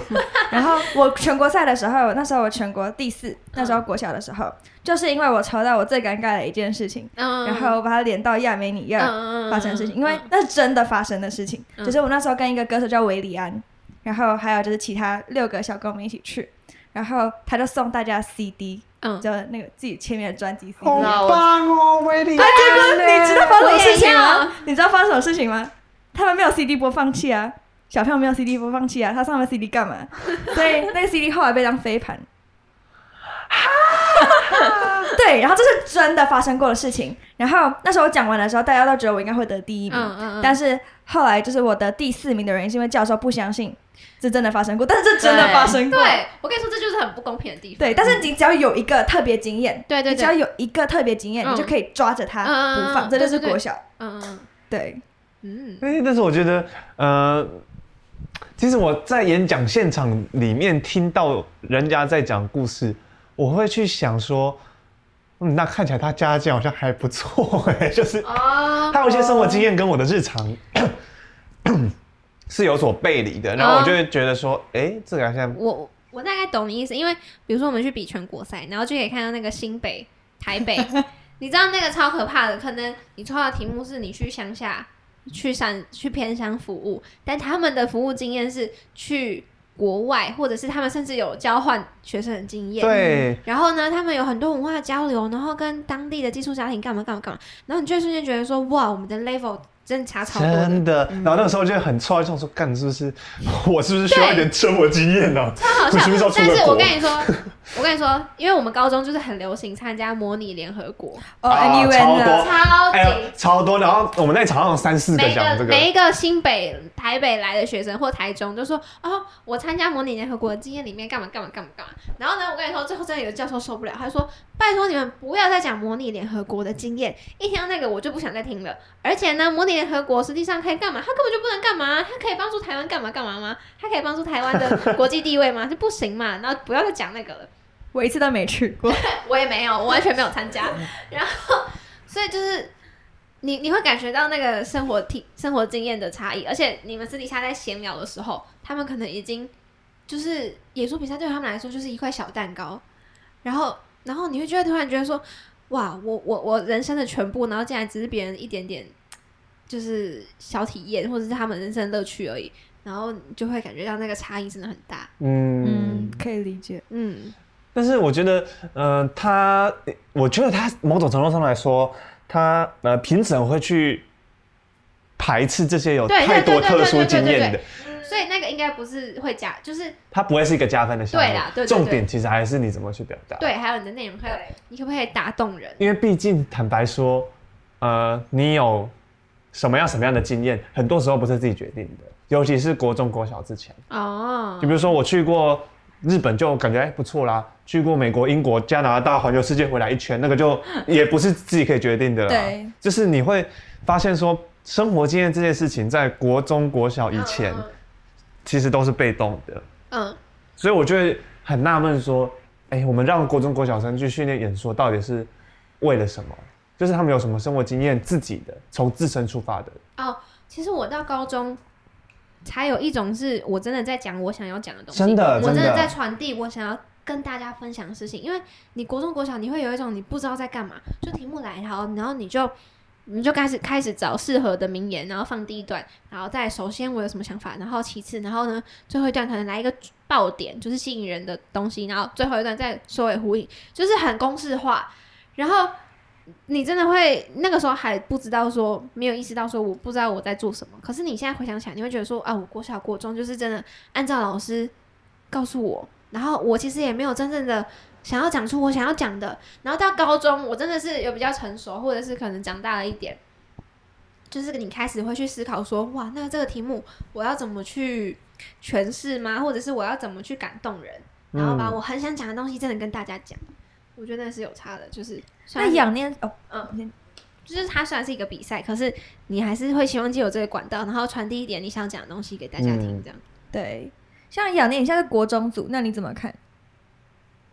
然後我全國賽的時候，那時候我全國第四， 那時候國小的時候，就是因為我抄到我最尷尬的一件事情，嗯、然後我把它連到亞美尼亞發生的事情，嗯、因為那是真的發生的事情。嗯、就是我那時候跟一個歌手叫韋禮安，嗯、然後還有就是其他六個小哥們一起去，然後他就送大家 CD。嗯，就那個自己簽名的專輯 CD。哎、oh，傑哥，你知道發生什麼事情嗎？你知道發生什麼事情嗎？他們沒有 CD 播放器啊，小朋友沒有 CD 播放器啊，他上的 CD 幹嘛？所以那個 CD 後來被當飛盤，啊。哈哈哈哈！對，然後這是真的發生過的事情。然後那時候我講完的時候，大家都覺得我應該會得第一名，嗯嗯、但是。後來就是我的第四名的原因，是因為教授不相信這真的發生過，但是這真的發生過。對，對我跟你說，這就是很不公平的地方。對，但是你只要有一個特別經驗，對對、嗯，你只要有一個特別經驗，對對對，你就可以抓着他不放。嗯、這就是國小，嗯嗯，對，對，對，對嗯。哎，對，但是我覺得，呃，其實我在演講現場裡面聽到人家在講故事，我會去想說，嗯，那看起來他家境好像還不錯，哎，就是啊，他有一些生活經驗跟我的日常。哦 是有所背離的，然後我就會覺得說，哎、哦欸，這個好像我我大概懂你意思，因為比如說我們去比全國賽，然後就可以看到那個新北、台北， 你知道那個超可怕的，可能你抽到的題目是你去鄉下、去山、去偏鄉服務，但他們的服務經驗是去國外，或者是他們甚至有交換學生的經驗，對。然後呢，他們有很多文化交流，然後跟當地的寄宿家庭幹嘛幹嘛幹嘛，然後你就會瞬間覺得說，哇，我們的 level。真的，真的，然後那個時候就很臭，嗯、就說幹，是不是我是不是需要一點生活經驗呢、啊？他好像，但是我跟你說。 我跟你說，因為我們高中就是很流行參加模擬聯合國，oh, oh, 呢超多，超、哎、級，超多。然後我們那場上三四個、這個、每個。每一個新北、台北來的學生或台中，就說：哦，我參加模擬聯合國的經驗裡面幹，幹嘛幹嘛幹嘛幹嘛。然後呢，我跟你說，最後真的有個教授受不了，他說：拜托你們不要再講模擬聯合國的經驗，一聽到那個我就不想再聽了。而且呢，模擬聯合國實際上可以幹嘛？他根本就不能幹嘛。他可以幫助台灣幹嘛幹嘛嗎？他可以幫助台灣的國際地位嗎？ 就不行嘛。然後不要再講那個了。我一次都沒去過， 我也沒有，我完全沒有參加。 然後，所以就是你你會感覺到那個生活體、生活經驗的差異，而且你們私底下在閒聊的時候，他們可能已經就是演說比賽對他們來說就是一塊小蛋糕。然後，然後你會覺得突然覺得說，哇，我我我人生的全部，然後竟然只是別人一點點就是小體驗，或者是他們人生樂趣而已。然後就會感覺到那個差異真的很大。嗯，嗯，可以理解。嗯。但是我覺得，嗯、呃，他，我覺得他某種程度上來說，他呃，評審會去排斥這些有太多特殊經驗的。對對對對對對。所以那個應該不是會加，就是他不會是一個加分的項目。對啦，對對對，重點其實還是你怎麼去表達。對，還有你的內容會，還有對你可不可以打動人？因為畢竟坦白說，呃，你有什麼樣什麼樣的經驗，很多時候不是自己決定的，尤其是國中、國小之前。哦。你比如說，我去過。日本就感覺哎、欸、不錯啦，去過美國、英國、加拿大，環遊世界回來一圈，那個就也不是自己可以決定的啦。對，就是你會發現說，生活經驗這件事情，在國中國小以前，其實都是被動的。嗯、啊。啊、所以我就會很納悶說，哎、欸，我們讓國中國小生去訓練演說，到底是為了什麼？就是他們有什麼生活經驗，自己的，從自身出發的。哦、啊，其實我到高中。才有一種是我真的在講我想要講的東西，真的我真的在傳遞我想要跟大家分享的事情。的因為你國中、國小，你會有一種你不知道在幹嘛，就題目來，然後，然後你就你就開始就開始找適合的名言，然後放第一段，然後再首先我有什麼想法，然後其次，然後呢最後一段可能來一個爆點，就是吸引人的東西，然後最後一段再首尾呼應，就是很公式化，然後。你真的會那個時候還不知道說，沒有意識到說，我不知道我在做什麼。可是你現在回想起來，你會覺得說，啊，我國小國中，就是真的按照老師告訴我，然後我其實也沒有真正的想要講出我想要講的。然後到高中，我真的是有比較成熟，或者是可能長大了一點，就是你開始會去思考說，哇，那這個題目我要怎麼去詮釋嗎？或者是我要怎麼去感動人，嗯、然後把我很想講的東西真的跟大家講。我覺得那是有差的，就是，是那養念哦，嗯，就是它雖然是一個比賽，可是你還是會希望借由這個管道，然後傳遞一點你想講的東西給大家聽，這樣、嗯、對。像養念，你現在是國中組，那你怎麼看？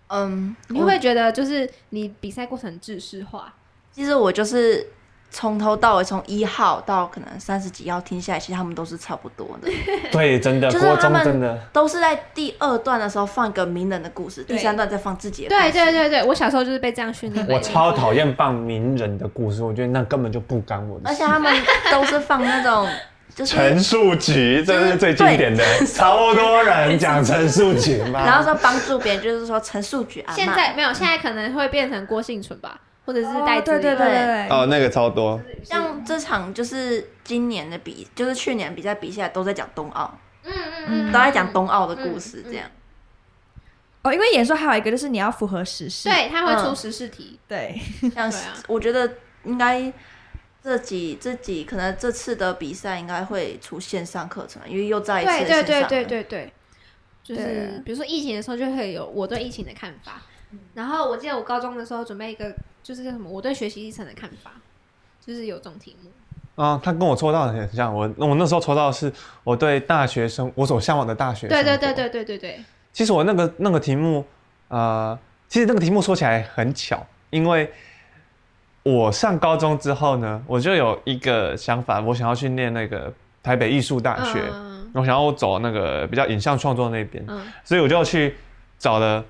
嗯，um, 你會不會覺得就是你比賽過程制式化？其實我就是。從頭到尾，從一號到可能三十幾號聽下來，其實他們都是差不多的。對，真的，就是他們都是在第二段的時候放一個名人的故事， 第三段再放自己的故事。對對對對，我小時候就是被這樣訓練。我超討厭放名人的故事，我覺得那根本就不干我的事。 而且他們都是放那種，就是陳樹菊，這是最經典的，超多人講陳樹菊嘛。 然後說幫助別人，就是說陳樹菊。現在沒有，現在可能會變成郭婞淳吧。或者是帶圖、哦、對，對，對，對。對哦，那個超多。像這場就是今年的比，就是去年比賽比賽都在講冬奧，嗯嗯嗯，都在講冬奧的故事這樣。嗯嗯嗯嗯、哦，因為演說還有一個就是你要符合時事，對，他會出時事題，嗯、對。像是對、啊、我覺得應該這幾這幾可能這次的比賽應該會出線上課程，因為又再一次的線上對。對對對對對對。就是對比如說疫情的時候就會有我對疫情的看法。嗯、然後我記得我高中的時候準備一個，就是叫什麼我對學習歷程的看法，就是有種題目。啊，他跟我抽到的很像，我那我那時候抽到的是我對大學生，我所向往的大學生。對對對對對對對。其實我那個那個題目，呃，其實那個題目說起來很巧，因為我上高中之後呢，我就有一個想法，我想要去念那個台北藝術大學，嗯、我想要我走那個比較影像創作那邊，嗯、所以我就去找了。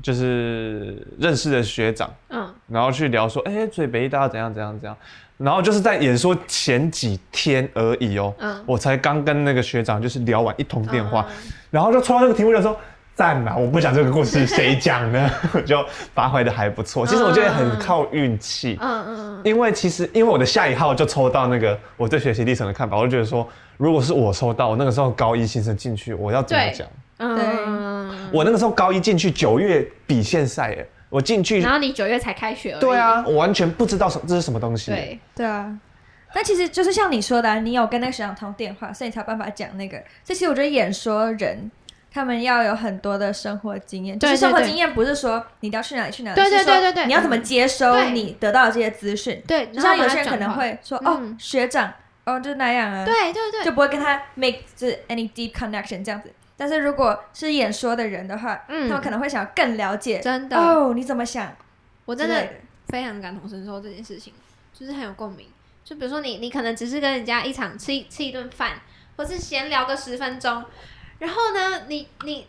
就是認識的學長，嗯，然後去聊說，哎、欸，準備北一大怎樣怎樣怎樣，然後就是在演說前幾天而已哦、喔，嗯，我才剛跟那個學長就是聊完一通電話，嗯、然後就抽到這個題目就說，讚啦，我不講這個故事，誰講呢？我 就發揮的還不錯，其實我覺得很靠運氣，嗯嗯，因為其實因為我的下一號就抽到那個我對學習歷程的看法，我就覺得說，如果是我抽到我那個時候高一新生進去，我要怎麼講？對，嗯、我那個時候高一進去，九月比現賽耶，我進去，然後你九月才開學，對啊，我完全不知道什這是什麼東西，對對啊。那其實就是像你說的、啊，你有跟那個學長通電話，所以你才有辦法講那個。這其實我覺得演說人他們要有很多的生活經驗，就是生活經驗不是說你要去哪裡去哪裡，對對對對，對你要怎麼接收你得到的這些資訊？對，然後有些人可能會說、嗯、哦學長，哦就是那樣啊，對對對，就不會跟他 make 就是 any deep connection 這樣子。但是如果是演說的人的話，嗯，他們可能會想要更了解，真的哦，你怎麼想？我真的非常感同身受這件事情，就是很有共鳴。就比如說你，你可能只是跟人家一場吃吃一頓飯，或是閒聊個十分鐘，然後呢，你你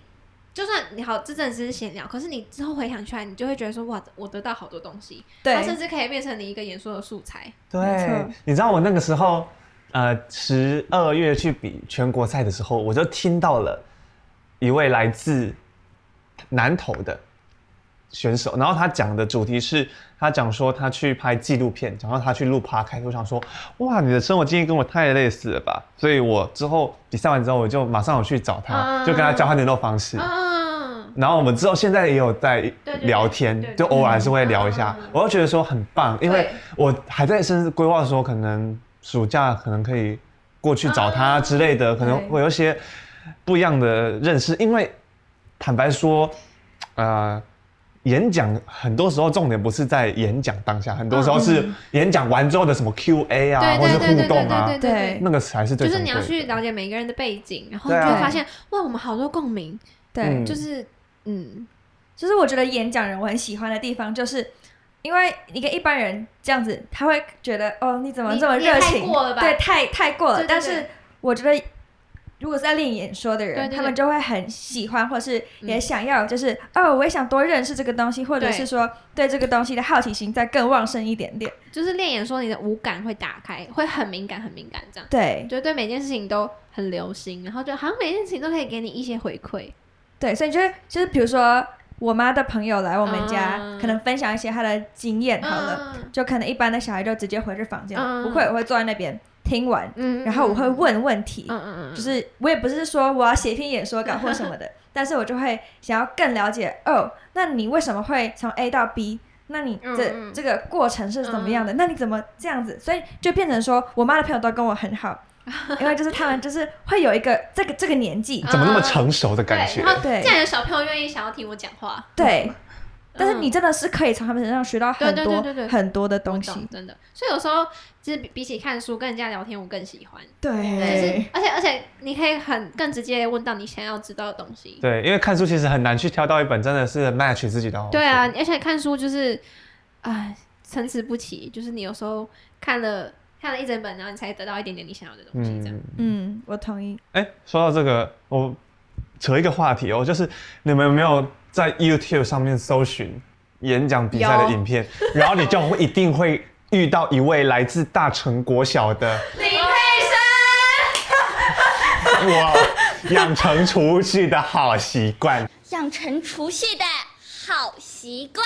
就算你好，這陣子是閒聊，可是你之後回想起來，你就會覺得說，哇，我得到好多東西。對，甚至可以變成你一個演說的素材。對，錯你知道我那個時候，呃，十二月去比全國賽的時候，我就聽到了。一位來自南投的選手，然後他講的主題是，他講說他去拍紀錄片，然後他去錄 podcast，我想說，哇，你的生活經驗跟我太類似了吧，所以我之後比賽完之後，我就馬上我去找他，嗯、就跟他交換聯絡方式，嗯、然後我們之後現在也有在聊天，就偶爾還是會聊一下，嗯嗯、我就覺得說很棒，因為我還在甚至規劃的時候，可能暑假可能可以過去找他之類的，嗯、對對對，可能會有一些。不一樣的認識，因為坦白說，呃，演講很多時候重點不是在演講當下，很多時候是演講完之後的什麼 Q A 啊，哦嗯、或是互動啊，那個才是對的。就是你要去了解每個人的背景，然後你就發現、啊、哇，我們好多共鳴。對，嗯、就是嗯，就是我覺得演講人我很喜歡的地方，就是因為一個一般人這樣子，他會覺得哦，你怎麼這麼熱情？太過了吧，對，太太過了。對對對，但是我覺得。如果是在練演說的人，對對對，他們就會很喜歡，或是也想要，就是、嗯、哦，我也想多認識這個東西，或者是說對這個東西的好奇心再更旺盛一點點。就是練演說，你的五感會打開，會很敏感，很敏感這樣。對，就對每件事情都很留心，然後就好像每件事情都可以給你一些回饋。對，所以就是就是，比如說我媽的朋友來我們家，嗯、可能分享一些她的經驗，好了，嗯、就可能一般的小孩就直接回到房間了，嗯、不會，我會坐在那邊。聽完，然後我會問問題，嗯嗯嗯嗯、就是我也不是說我要寫一篇演說稿或什麼的， 但是我就會想要更了解。哦，那你為什麼會從 A 到 B？那你的這、嗯、這個過程是怎麼樣的？嗯、那你怎麼這樣子？所以就變成說，我媽的朋友都跟我很好，嗯、因為就是他們就是會有一個這個 這個年紀怎麼那麼成熟的感覺，嗯、對，然後這樣的小朋友願意想要聽我講話，對。對但是你真的是可以從他們身上學到很多、嗯、對對對對很多的東西，真的。所以有時候就是比，比起看書，跟人家聊天我更喜歡。對、就是，而且而且你可以很更直接問到你想要知道的東西。對，因為看書其實很難去挑到一本真的是 match 自己的。對啊，而且看書就是哎參差不齊，就是你有時候看了看了一整本，然後你才得到一點點你想要的東西。這樣。嗯，嗯，我同意。哎，說到這個，我扯一個話題哦，就是你們有沒有？嗯在 YouTube 上面搜尋演講比賽的影片。有然後你就會一定會遇到一位來自大城國小的林佩珊。哇，養成儲蓄的好習慣，佩 養成儲蓄的好習慣。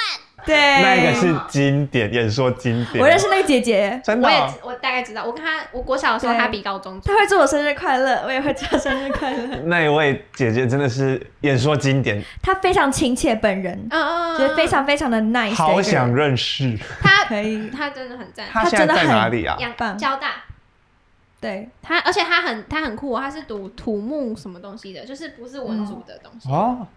對，那個是經典演說經典。我認識那個姐姐，真的，我也我大概知道。我跟她，我國小的時候她比高中，她會祝我生日快樂，我也會祝她生日快樂。那一位姐姐真的是演說經典，她非常親切，本人嗯嗯，就是非常非常的 nice。好想認識她，可以，她真的很讚。她現在在哪裡啊？交大。對她，而且她很她很酷，她是讀土木什麼東西的，就是不是文組的東西哦。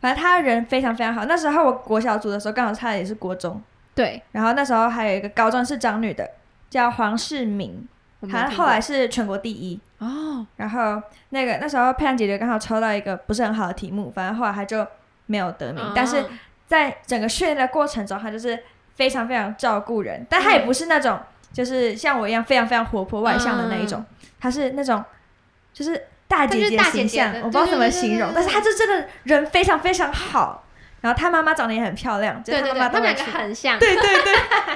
反正他人非常非常好。那時候我國小組的時候，剛好他也是國中。對。然後那時候還有一個高中是長女的，叫黃世明，他後來是全國第一。哦。然後那個那時候佩蘭姐姐剛好抽到一個不是很好的題目，反正後來他就沒有得名。哦、但是在整個訓練的過程中，他就是非常非常照顧人。但他也不是那種就是像我一樣非常非常活潑外向的那一種，嗯、他是那種就是。大姐姐形象，姐姐我不知道怎麼形容，但是她就這個人非常非常好。然後她媽媽長得也很漂亮，對，對，對，她媽媽他媽媽們兩個很像，對對對，對， 他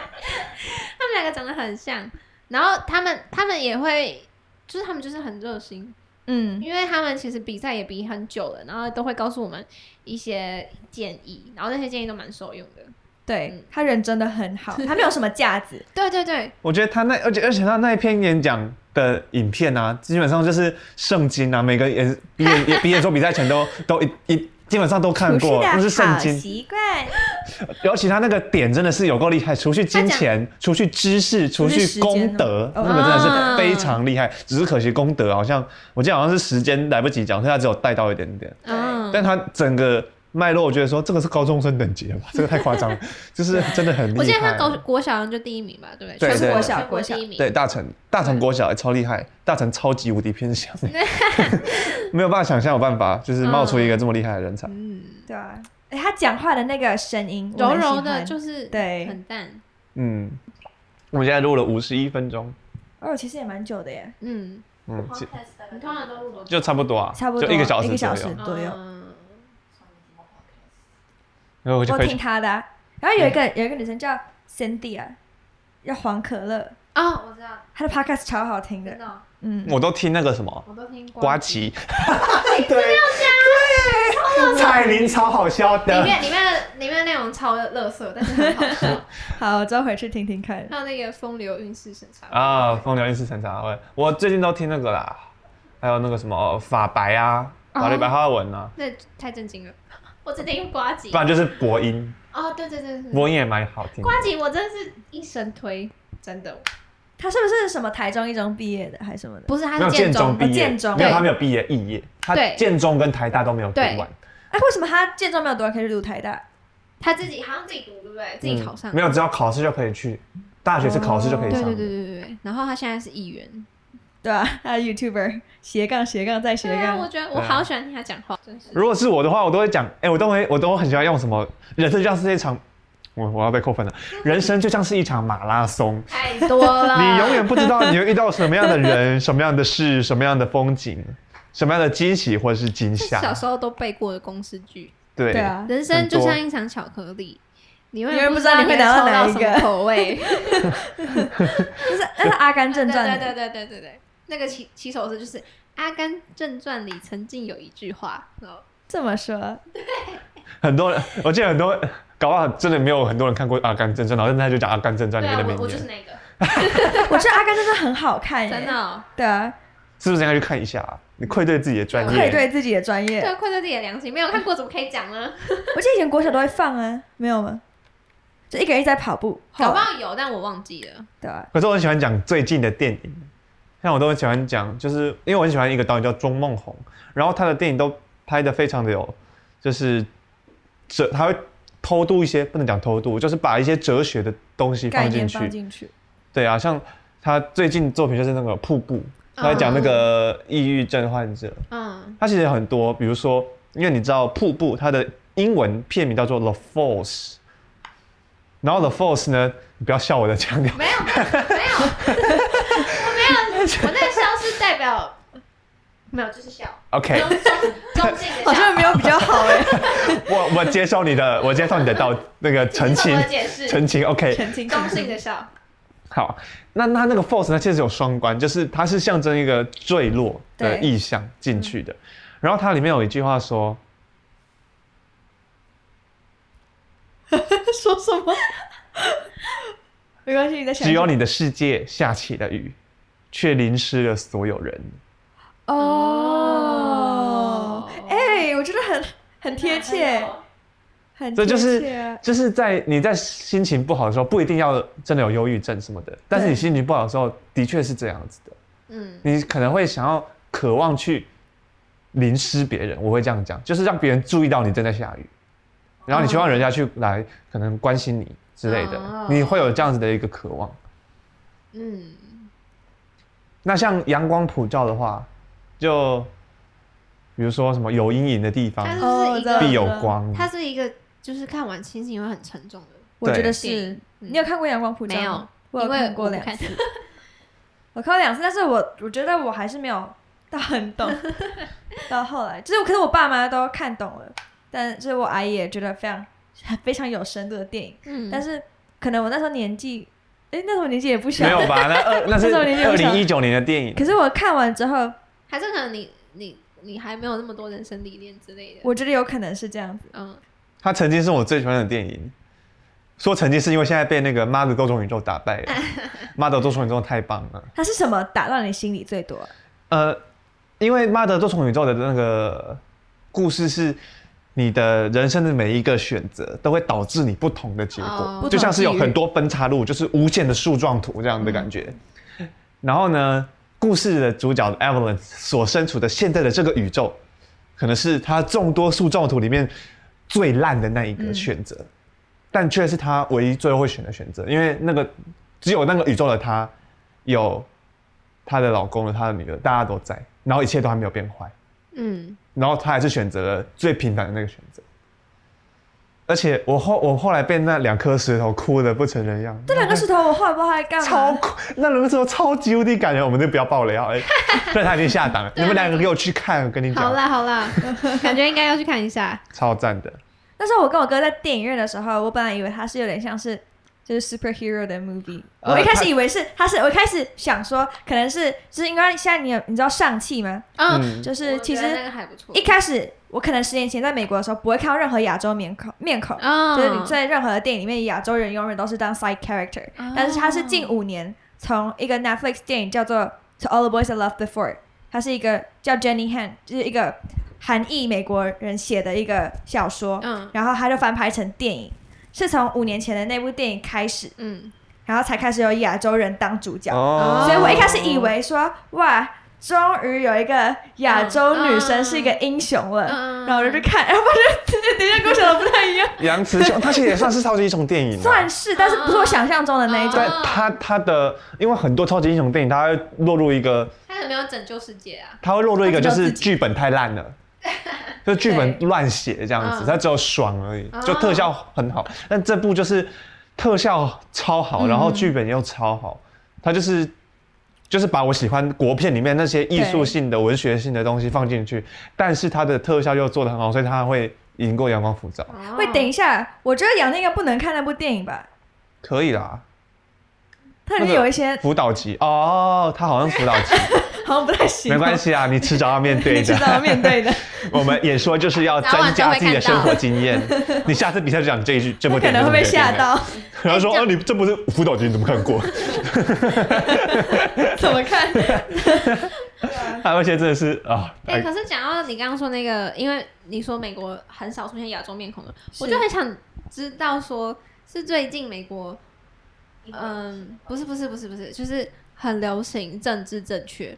們兩個長得很像。然後他們他們也會，就是他們就是很熱心，嗯，因為他們其實比賽也比很久了，然後都會告訴我們一些建議，然後那些建議都蠻受用的。對，她、嗯、人真的很好，他沒有什麼架子。 對對對，我覺得她那而且而且她那一篇演講的影片啊，基本上就是聖經啊，每個演演畢演說比賽前都 都一一基本上都看過，都是聖經。奇怪習。 尤其他那個點真的是有夠厲害，除去金錢、講除去知識、除去功德，喔、那個真的是非常厲害。哦、只是可惜功德好像，我記得好像是時間來不及講，所以他只有帶到一點點。嗯、但他整個脈絡，我覺得說這個是高中生等級了吧？這個太誇張了，就是真的很厲害。我記得他國國小就第一名吧，對不對？對對對，全國小國小一名。對大成，大成國小超厲害，大成超級無敵偏小，沒有辦法想象有辦法，就是冒出一個這麼厲害的人才。嗯，對啊，哎，他講話的那個聲音柔柔的，就是對，很淡。嗯，我們現在錄了五十一分鐘。哦，其實也蠻久的耶。嗯嗯，就差不多啊，差不多一個小時，一個小時左右。我聽他的。然後有一個有一個女生叫 Cindy 啊，叫黃可樂啊，我知道她的 Podcast 超好聽的，嗯，我都聽那個什麼，我都聽呱吉，對，超蔡依林超好笑的，裡面裡面的裡面內容超垃圾，但是很好笑，好，我之後回去聽聽看，還有那個風流韻事審查啊，風流韻事審查會，我最近都聽那個啦，還有那個什麼法白啊，法律白話文啊，那太正經了。我只能用呱吉，不然就是播音、嗯。哦，對對對，對，播音也蠻好聽。呱吉我真的是一生推，真的。他是不是，是什麼台中一中畢業的，還是什麼的？不是，他是建中。建中沒有，他沒有畢業，肄業。他建中跟台大都沒有讀完。哎，為什麼他建中沒有讀，可以去讀台大？他自己好像自己讀，對不對？自己考上、嗯。沒有，只要考試就可以去大學，是考試就可以上。哦、對，對，對對對對。然後他現在是議員。對啊，他是，YouTuber，斜槓斜槓再斜槓。我覺得我好喜歡聽他講話，真是。如果是我的話，我都會講，哎，我都會，我都很喜歡用什麼，人生就像是一場，我我要被扣分了。人生就像是一場馬拉松，太多了。你永遠不知道你會遇到什麼樣的人、什麼樣的事、什麼樣的風景、什麼樣的驚喜或者是驚嚇。小時候都背過的公式句，對對啊，人生就像一場巧克力，你永遠不知道你會得到哪一個口味。就是那是《阿甘正傳》，對對對對對對。那個起起手式就是《阿甘正傳》裡曾經有一句話這麼說，對很多人，我記得很多人搞不好真的沒有很多人看過《阿甘正傳》，然後他就講《阿甘正傳》裡面的名言、啊、我，我就是那個。 我覺得《阿甘正傳》很好看、欸、 真的、喔、對啊，是不是應該去看一下、啊？你愧對自己的專業，愧、嗯、對自己的專業，對，愧對自己的良心，沒有看過怎麼可以講呢？ 我記得以前國小都會放啊，沒有嗎？就一個人在跑步，搞不好有，但我忘記了。對、啊，對啊、可是我很喜歡講最近的電影。像我都很喜歡講，就是因為我很喜歡一個導演叫鍾孟宏，然後他的電影都拍得非常的有，就是哲，他會偷渡一些，不能講偷渡，就是把一些哲學的東西放進去。概念放進去。對啊，像他最近作品就是那個《瀑布》，他在講那個抑鬱症患者。嗯、啊。他其實有很多，比如說，因為你知道《瀑布》他的英文片名叫做《The Force》，然後《The Force》呢，你不要笑我的腔調。沒有，沒有。 代表沒有就是笑，OK，中中性的笑 好像沒有比較好，欸。 我我接受你的，我接受你的道 那個澄清，澄清 OK，澄清中性的笑。好，那那那個 force 它其實有雙關，就是它是象徵一個墜落的意象進去的。對然後它裡面有一句話說， 說什麼？ 沒關係，你在想只有你的世界下起了雨，卻淋濕了所有人。哦，哎，我覺得很很貼切，有很貼切。這就是就是在你在心情不好的時候，不一定要真的有憂鬱症什麼的，但是你心情不好的時候，對的確是這樣子的。嗯，你可能會想要渴望去淋濕別人，我會這樣講，就是讓別人注意到你正在下雨，然後你希望人家去來可能關心你之類的，Oh. 你會有這樣子的一個渴望。嗯。那像《陽光普照》的話，就比如說什麼有陰影的地方它是一個必有光，它是一個就是看完心情會很沉重的。我覺得是對你有看過《陽光普照》嗎？沒有，我有看過兩為次，我看過兩次， 次，但是我我覺得我還是沒有到很懂。 到後來，就是我可是我爸媽都看懂了，但是我阿姨也覺得非常非常有深度的電影。嗯，但是可能我那時候年紀。哎、欸，那時年紀也不小。沒有吧？那二、呃，那是二零一九年的電影。 可是我看完之後，還是可能你、你、你還沒有那麼多人生理念之類的。我覺得有可能是這樣子。嗯。他曾經是我最喜歡的電影，說曾經是因為現在被那個《媽的多重宇宙》打敗了，《媽的多重宇宙》太棒了。他是什麼打到你心裡最多？呃，因為《媽的多重宇宙》的那個故事是。你的人生的每一個選擇都會導致你不同的結果，就像是有很多分叉路，就是無限的樹狀圖這樣的感覺。然後呢，故事的主角 Evelyn 所身處的現在的這個宇宙，可能是他眾多樹狀圖裡面最爛的那一個選擇，但卻是他唯一最後會選的選擇，因為那個只有那個宇宙的他，有他的老公、和他的女兒，大家都在，然後一切都還沒有變壞。嗯。然後他還是選擇了最平凡的那個選擇，而且我後我後來被那兩顆石頭哭的不成人樣。這兩個石頭我後來不後來幹嘛？超哭，那兩個石頭超級無敵感人，我們就不要爆雷，要、欸，哎以 他已經下檔了。 你們兩個給我去看，我跟你講。好啦 好啦，好啦感覺應該要去看一下。超讚的。那時候我跟我哥在電影院的時候，我本來以為他是有點像是。就是 superhero 的 movie。uh, 我一開始以為是，他是我一開始想說，可能是，就是因為現在你有你知道上氣嗎？嗯，oh, 就是其實一開始我可能十年前在美國的時候，不會看到任何亞洲面孔面孔，oh. 就是你在任何的電影裡面，亞洲人永遠都是當 side character。Oh. 但是他是近五年從一個 Netflix 電影叫做《To All the Boys I Loved Before》，它是一個叫 Jenny Han，就是一個韓裔美國人寫的一個小說，嗯，oh. 然後他就翻拍成電影。是從五年前的那部電影開始，嗯，然後才開始有亞洲人當主角，哦、所以我一開始以為說，哇，終於有一個亞洲女神是一個英雄了，嗯嗯、然後我就去看，然後發現，等一下跟我想的不太一樣。楊紫瓊，他對其實也算是超級英雄電影，算是，但是不是我想象中的那一種。他他、哦、的，因為很多超級英雄電影，他會落入一個，他有沒有拯救世界啊？他會落入一個，就是劇本太爛了。 就劇本亂寫這樣子，對它只有爽而已，啊、就特效很好。啊、但這部就是特效超好，嗯、然後劇本又超好，它就是就是把我喜歡國片裡面那些藝術性的、文學性的東西放進去，對但是它的特效又做得很好，所以它會贏過《陽光普照》。喂，等一下，我覺得養念應該不能看那部電影吧？可以啦，特別有一些輔導級哦，他好像輔導級。 好像不太行。沒關係啊，你遲早要面對的。遲早要面對的。我們演說就是要增加自己的生活經驗。你下次比賽就講這一句。可能會被嚇到。然後說：“哦，你這不是輔導級，你怎麼看過？”怎麼看？還有一些真的是啊。哎，可是講到你剛剛說那個，因為你說美國很少出現亞洲面孔的，我就很想知道說，是最近美國，嗯，不是不是不是不是，就是很流行政治正確。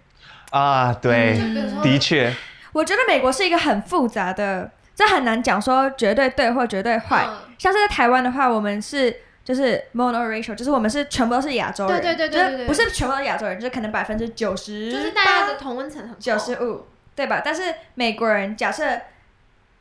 啊，對，嗯、的確，我覺得美國是一個很複雜的，這很難講說絕對對或絕對壞。嗯、像是在台灣的話，我們是就是 mono racial，就是我們是全部都是亞洲人，對對對對，不是全部都是亞洲人，就是、可能百分之九十，就是大家的同溫層九十五，95，對吧？但是美國人，假設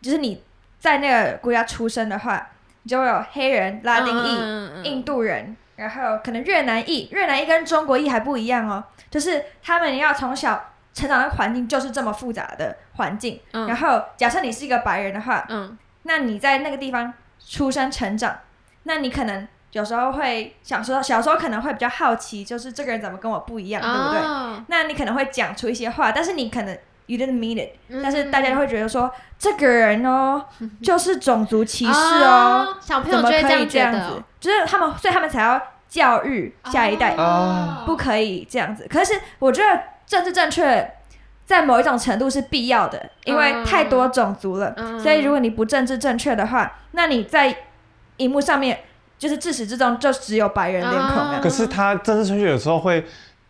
就是你在那個國家出生的話，你就會有黑人、拉丁裔、嗯、印度人。然後可能越南裔，越南裔跟中國裔還不一樣哦，就是他們要從小成長的環境就是這麼複雜的環境。嗯、然後假設你是一個白人的話，嗯，那你在那個地方出生成長，那你可能有時候會想說，小時候可能會比較好奇，就是這個人怎麼跟我不一樣，哦、對不對？那你可能會講出一些話，但是你可能。You didn't mean it，嗯嗯，但是大家會覺得說，這個人哦、喔， 就是種族歧視、喔、哦。小朋友怎麼可以這樣子，樣哦、就是他們，所以他們才要教育下一代，哦、不可以這樣子。哦、可是我覺得政治正確在某一種程度是必要的，因為太多種族了。哦、所以如果你不政治正確的話，那你在熒幕上面就是自始至終就只有白人臉孔。哦、可是他政治正確有時候會。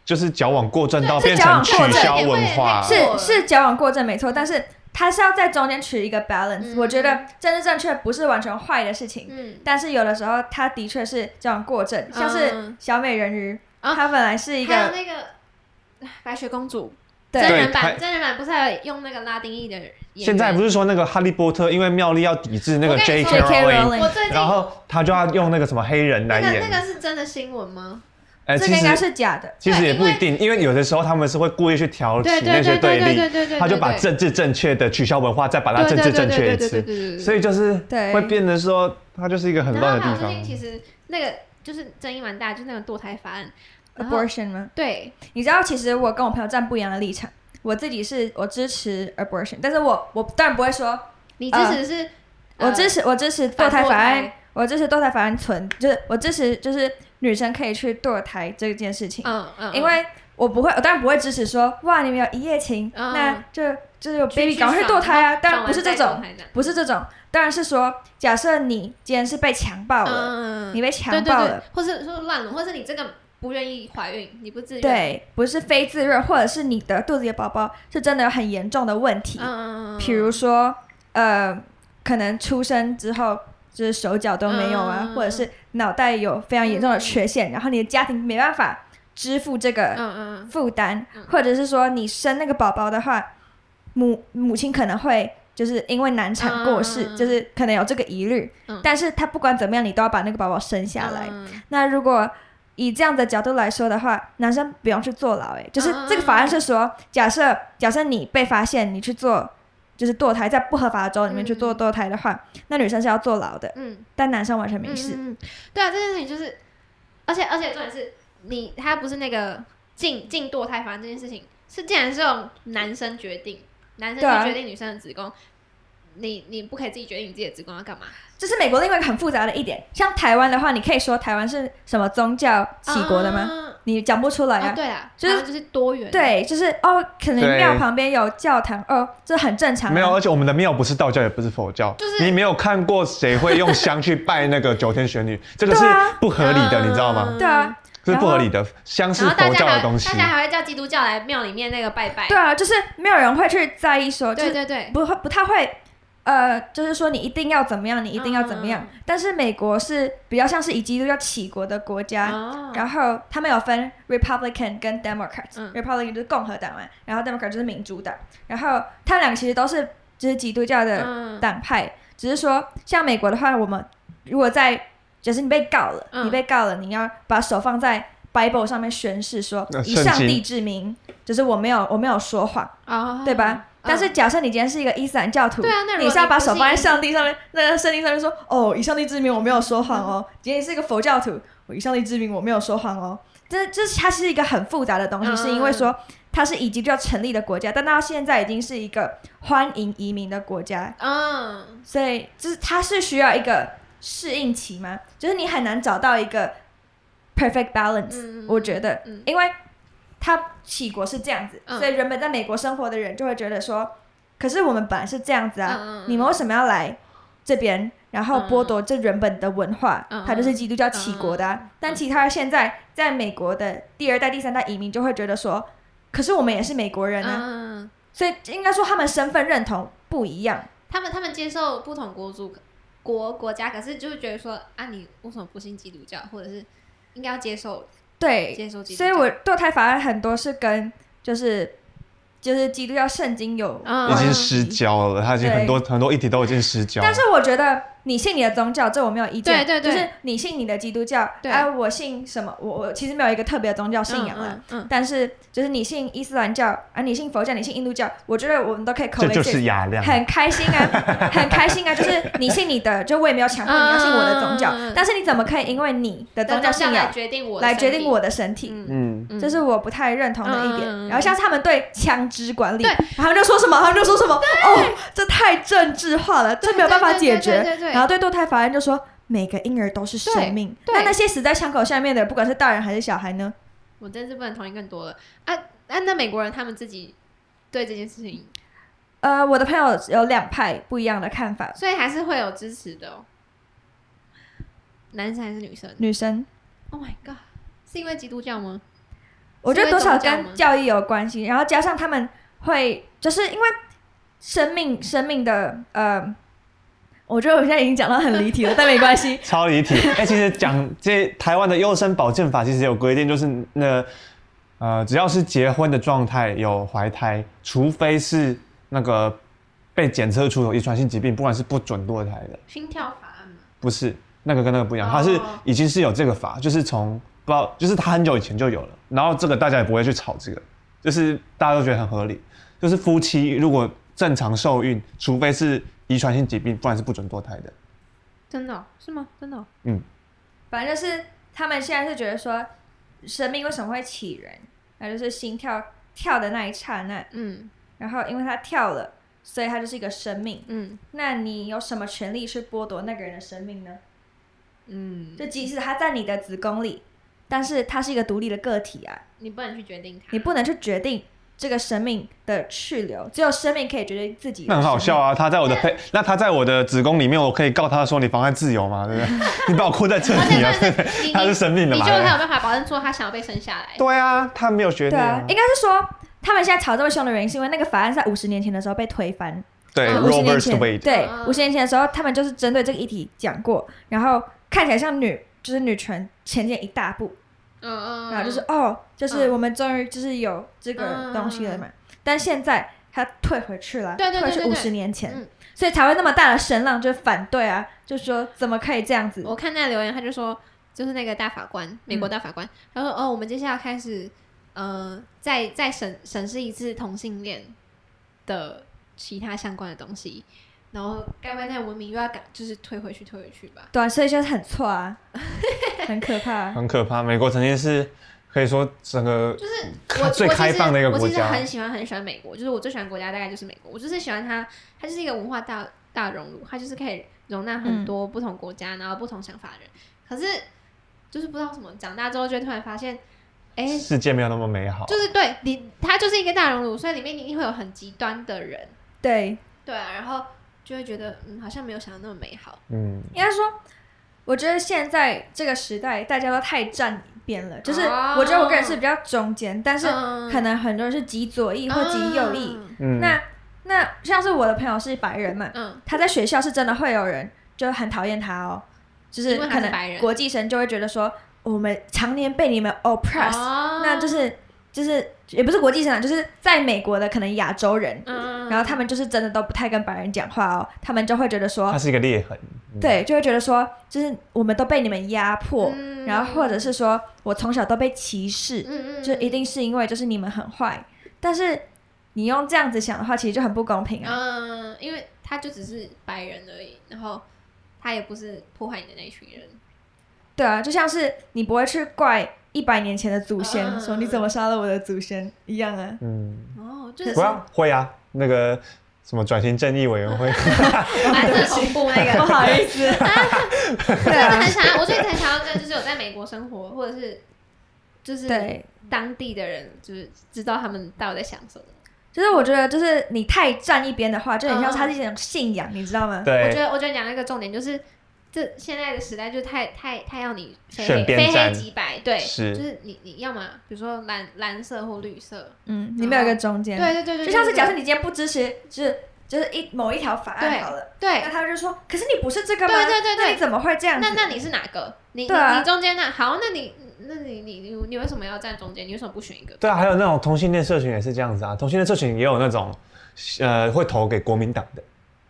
就是矯枉過正到變成取消文化，是是矯枉過正沒錯，但是他是要在中間取一個 balance。我覺得政治正確不是完全壞的事情，但是有的時候他的確是矯枉過正，像是小美人魚，她本來是一個那個白雪公主真人版，真人版不是還有用那個拉丁裔的？現在不是說那個哈利波特，因為妙麗要抵制那個 JK Rowling 然後他就要用那個什麼黑人來演？那個是真的新聞嗎？哎，其實也是假的，其實也不一定，因為有的時候他們是會故意去挑起那些對立，他就把政治正確的取消文化，再把它政治正確一次，所以就是會變成說，它就是一個很亂的地方。其實那個就是爭議蠻大，就是那個墮胎法案，abortion 嗎？對，你知道，其實我跟我朋友站不一樣的立場，我自己是我支持 abortion，但是我我當然不會說你支持是，我支持我支持墮胎法案，我支持墮胎法案存，就是我支持就是。女生可以去墮胎這件事情，嗯嗯，嗯，因為我不會，我當然不會支持說，哇，你們有一夜情，嗯、那就就是有 baby，趕爽快去墮胎啊！們當然不是這種，不是這種，當然是說，假設你今天是被強暴了，嗯、你被強暴了對對對，或是說亂倫，或是你這個不願意懷孕，你不自願，對，不是非自願，或者是你的肚子裡的寶寶是真的有很嚴重的問題，嗯、比如說，呃，可能出生之後。就是手腳都沒有啊，嗯、或者是腦袋有非常嚴重的缺陷，嗯、然後你的家庭沒辦法支付這個負擔，嗯嗯、或者是說你生那個寶寶的話，母母親可能會就是因為難產過世，嗯、就是可能有這個疑慮，嗯、但是他不管怎麼樣，你都要把那個寶寶生下來。嗯、那如果以這樣的角度來說的話，男生不用去坐牢、欸，誒，就是這個法案是說，嗯、假設假設你被發現你去做。就是墮胎，在不合法的州裡面去做墮胎的話，嗯、那女生是要坐牢的。嗯，但男生完全沒事嗯。嗯，對啊，這件事情就是，而且而且重點是，你他不是那個禁禁墮胎法這件事情，是竟然是由男生決定，男生去決定女生的子宮。你你不可以自己決定你自己的職工要幹嘛？這是美國另外一個很複雜的一點。像台灣的話，你可以說台灣是什麼宗教起國的嗎？你講不出來啊。對啊，就是就是多元。對，就是哦，可能廟旁邊有教堂，哦，這很正常。沒有，而且我們的廟不是道教，也不是佛教。就是你沒有看過誰會用香去拜那個九天玄女，這個是不合理的，你知道嗎？對啊，是不合理的。香是佛教的東西，大家還會叫基督教來廟裡面那個拜拜。對啊，就是沒有人會去在意說，對對對，不會不太會。呃，就是說你一定要怎麼樣，你一定要怎麼樣。Oh. 但是美國是比較像是以基督教起國的國家，oh. 然後他們有分 Republican 跟 Democrat，oh. Republican 就是共和黨嘛，啊，然後 Democrat 就是民主黨。然後他兩個其實都是就是基督教的黨派，oh. 只是說像美國的話，我們如果在就是你被告了，oh. 你被告了，你要把手放在 Bible 上面宣誓說，以上帝之名，就是我沒有我沒有說謊，oh. 對吧？但是，假設你今天是一個伊斯蘭教徒，啊、你是要把手放在上帝上面，那聖經上面說，哦，以上帝之名，我沒有說謊哦。嗯、今天是一個佛教徒，我以上帝之名，我沒有說謊哦。嗯、這，這、就是、它是一個很複雜的東西，是因為說它是已經就要成立的國家，但它現在已經是一個歡迎移民的國家，嗯，所以就是它是需要一個適應期嘛，就是你很難找到一個 perfect balance，、嗯、我覺得，嗯、因為。他起國是這樣子，所以原本在美國生活的人就會覺得說，嗯、可是我們本來是這樣子啊，嗯嗯、你們為什麼要來這邊，然後剝奪這原本的文化？嗯、他就是基督教起國的、啊，嗯嗯、但其他現在在美國的第二代、第三代移民就會覺得說，嗯、可是我們也是美國人啊。嗯嗯、所以應該說他們身份認同不一樣。他們他們接受不同國族、國國家，可是就覺得說啊，你為什麼不信基督教，或者是應該要接受？對，所以，我墮胎法案很多是跟就是就是基督教聖經有、嗯、已經失焦了，他已經很多對很多議題都已經失焦。但是我覺得。你信你的宗教，這我沒有意見。就是你信你的基督教，哎，我信什麼？我我其實沒有一個特別的宗教信仰啦。但是就是你信伊斯蘭教啊，你信佛教，你信印度教，我覺得我們都可以 coexist，很開心啊，很開心啊。就是你信你的，就我也沒有強迫你要信我的宗教。但是你怎麼可以因為你的宗教信仰來決定我的身體？這是我不太認同的一點。然後像他們對槍支管理，然後就說什麼，然後就說什麼，哦，這太政治化了，這沒有辦法解決。對對。然後對墮胎法案就說，每個嬰兒都是生命。那那些死在槍口下面的，不管是大人還是小孩呢？我真是不能同意更多了。哎、啊、哎、啊、那美國人他們自己對這件事情，呃，我的朋友有兩派不一樣的看法，所以還是會有支持的、哦。男生還是女生？女生。Oh my god！是因為基督教嗎？我覺得多少跟教義有關係，然後加上他們會就是因為生命生命的呃。我覺得我現在已經講到很離題了， 但沒關係。超離題。哎、欸，其實講這台灣的優生保健法，其實有規定，就是那個、呃，只要是結婚的狀態有懷胎，除非是那個被檢測出有遺傳性疾病，不管是不准墮胎的。心跳法案嗎？不是，那個跟那個不一樣。它是已經是有這個法，就是從不知道，就是它很久以前就有了。然後這個大家也不會去吵這個，就是大家都覺得很合理。就是夫妻如果正常受孕，除非是遺傳性疾病，不然是不准墮胎的。真的喔？是嗎？真的喔。嗯，反正就是他們現在是覺得說，生命為什麼會起人？那就是心跳跳的那一剎那，嗯，然後因為它跳了，所以它就是一個生命，嗯。那你有什麼權利去剝奪那個人的生命呢？嗯，就即使他在你的子宮裡，但是他是一個獨立的個體啊，你不能去決定他，你不能去決定。這個生命的去留，只有生命可以決定自己。那很好笑啊！他在我的配，那他在我的子宮裡面，我可以告他說，你妨害自由嘛，對不對？你把我困在這裡，他是生命嘛？你就沒有辦法保證說他想要被生下來。對啊，他沒有決定。對啊，應該是說他們現在吵這麼凶的原因，是因為那個法案在五十年前的時候被推翻。對，五十年前。對，五十年前的時候，他們就是針對這個議題講過，然後看起來像女，就是女權前進一大步。嗯嗯，然後、uh, uh, uh, uh, 啊、就是哦，就是我們終於就是有這個東西了嘛，但現在他退回去了，退回去五十年前，嗯、所以才會那麼大的聲浪，就反對啊，就說怎麼可以這樣子？我看那個留言，他就說，就是那個大法官，美國大法官，嗯、他說哦，我們接下來開始嗯，再、呃、再審審視一次同性戀的其他相關的東西。然後，該被那文明又要趕，就是推回去，推回去吧。對、啊，所以就是很錯啊， 很可怕，啊，很可怕。美國曾經是可以說整個就是我最開放的一個國家，就是我我。我其實很喜歡，很喜歡美國。就是我最喜歡國家，大概就是美國。我就是喜歡它，它就是一個文化大大熔爐，它就是可以容納很多不同國家，嗯、然後不同想法的人。可是就是不知道什麼，長大之後就會突然發現，哎、欸，世界沒有那麼美好。就是對你，它就是一個大熔爐，所以裡面一定會有很極端的人。對對啊，然後。就會覺得嗯，好像沒有想的那麼美好。嗯，應該說，我覺得現在這個時代大家都太站邊了，就是我覺得我個人是比較中間，oh. 但是可能很多人是極左翼或極右翼。嗯、oh.，那那像是我的朋友是白人嘛，嗯，oh. 他在學校是真的會有人就很討厭他哦，就是可能是國際生就會覺得說我們常年被你們 oppress，p op、oh. 那就是。就是也不是國際生，就是在美國的可能亞洲人，嗯、然後他們就是真的都不太跟白人講話哦，他們就會覺得說，他是一個裂痕，對，就會覺得說，就是我們都被你們壓迫，嗯、然後或者是說我從小都被歧視，嗯、就一定是因為就是你們很壞，嗯、但是你用這樣子想的話，其實就很不公平啊、嗯，因為他就只是白人而已，然後他也不是破壞你的那一群人，對啊，就像是你不會去怪一百年前的祖先說：“你怎麼殺了我的祖先？”一樣啊。嗯。哦，就是。會啊，那個什麼轉型正義委員會。蠻恐怖那個。不好意思。真的很想要，我最近很想要，就是有在美國生活，或者是就是當地的人，就是知道他們到底在想什麼。就是我覺得，就是你太站一邊的話，就很像他是一種信仰，你知道嗎？對。我覺得，我覺得講一個重點就是。現在的時代就太太太要你非黑，黑，黑，黑即白，對，是，就是你你要麼，比如說藍藍色或綠色，嗯，然後你沒有一個中間，對對對對，就像是假設你今天不支持，就是就是一某一條法案好了，對，那他就說，可是你不是這個嗎？對對對對，你怎麼會這樣，那那你是哪個？你、啊、你中間那好，那你那你你你你為什麼要站中間？你為什麼不選一個？對啊，還有那種同性戀社群也是這樣子啊，同性戀社群也有那種，呃，會投給國民黨的，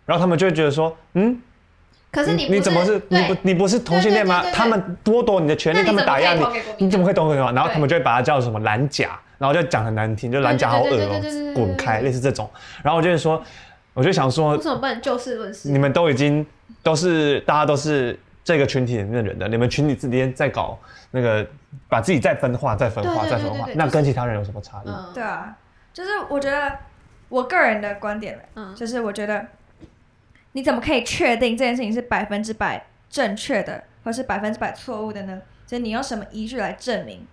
然後他們就會覺得說，嗯。可是你是你，你怎麼是？對你不你不是同性戀嗎？對對對對對，他們剝奪你的權利，他們打壓你，你怎麼會懂，同性戀？然後他們就會把它叫什麼藍甲，然後就講很難聽，就藍甲好惡哦，滾開，類似這種。然後我就說，我就想說，你們都已經都是大家都是這個群體裡面的人的，你們群體之間在搞那個，把自己再分化，再分化，再分化，那跟其他人有什麼差異？嗯、對啊，就是我覺得我個人的觀點，嗯，就是我覺得。你怎麼可以確定這件事情是百分之百正確的，或是百分之百錯誤的呢？就是你用什麼依據來證明？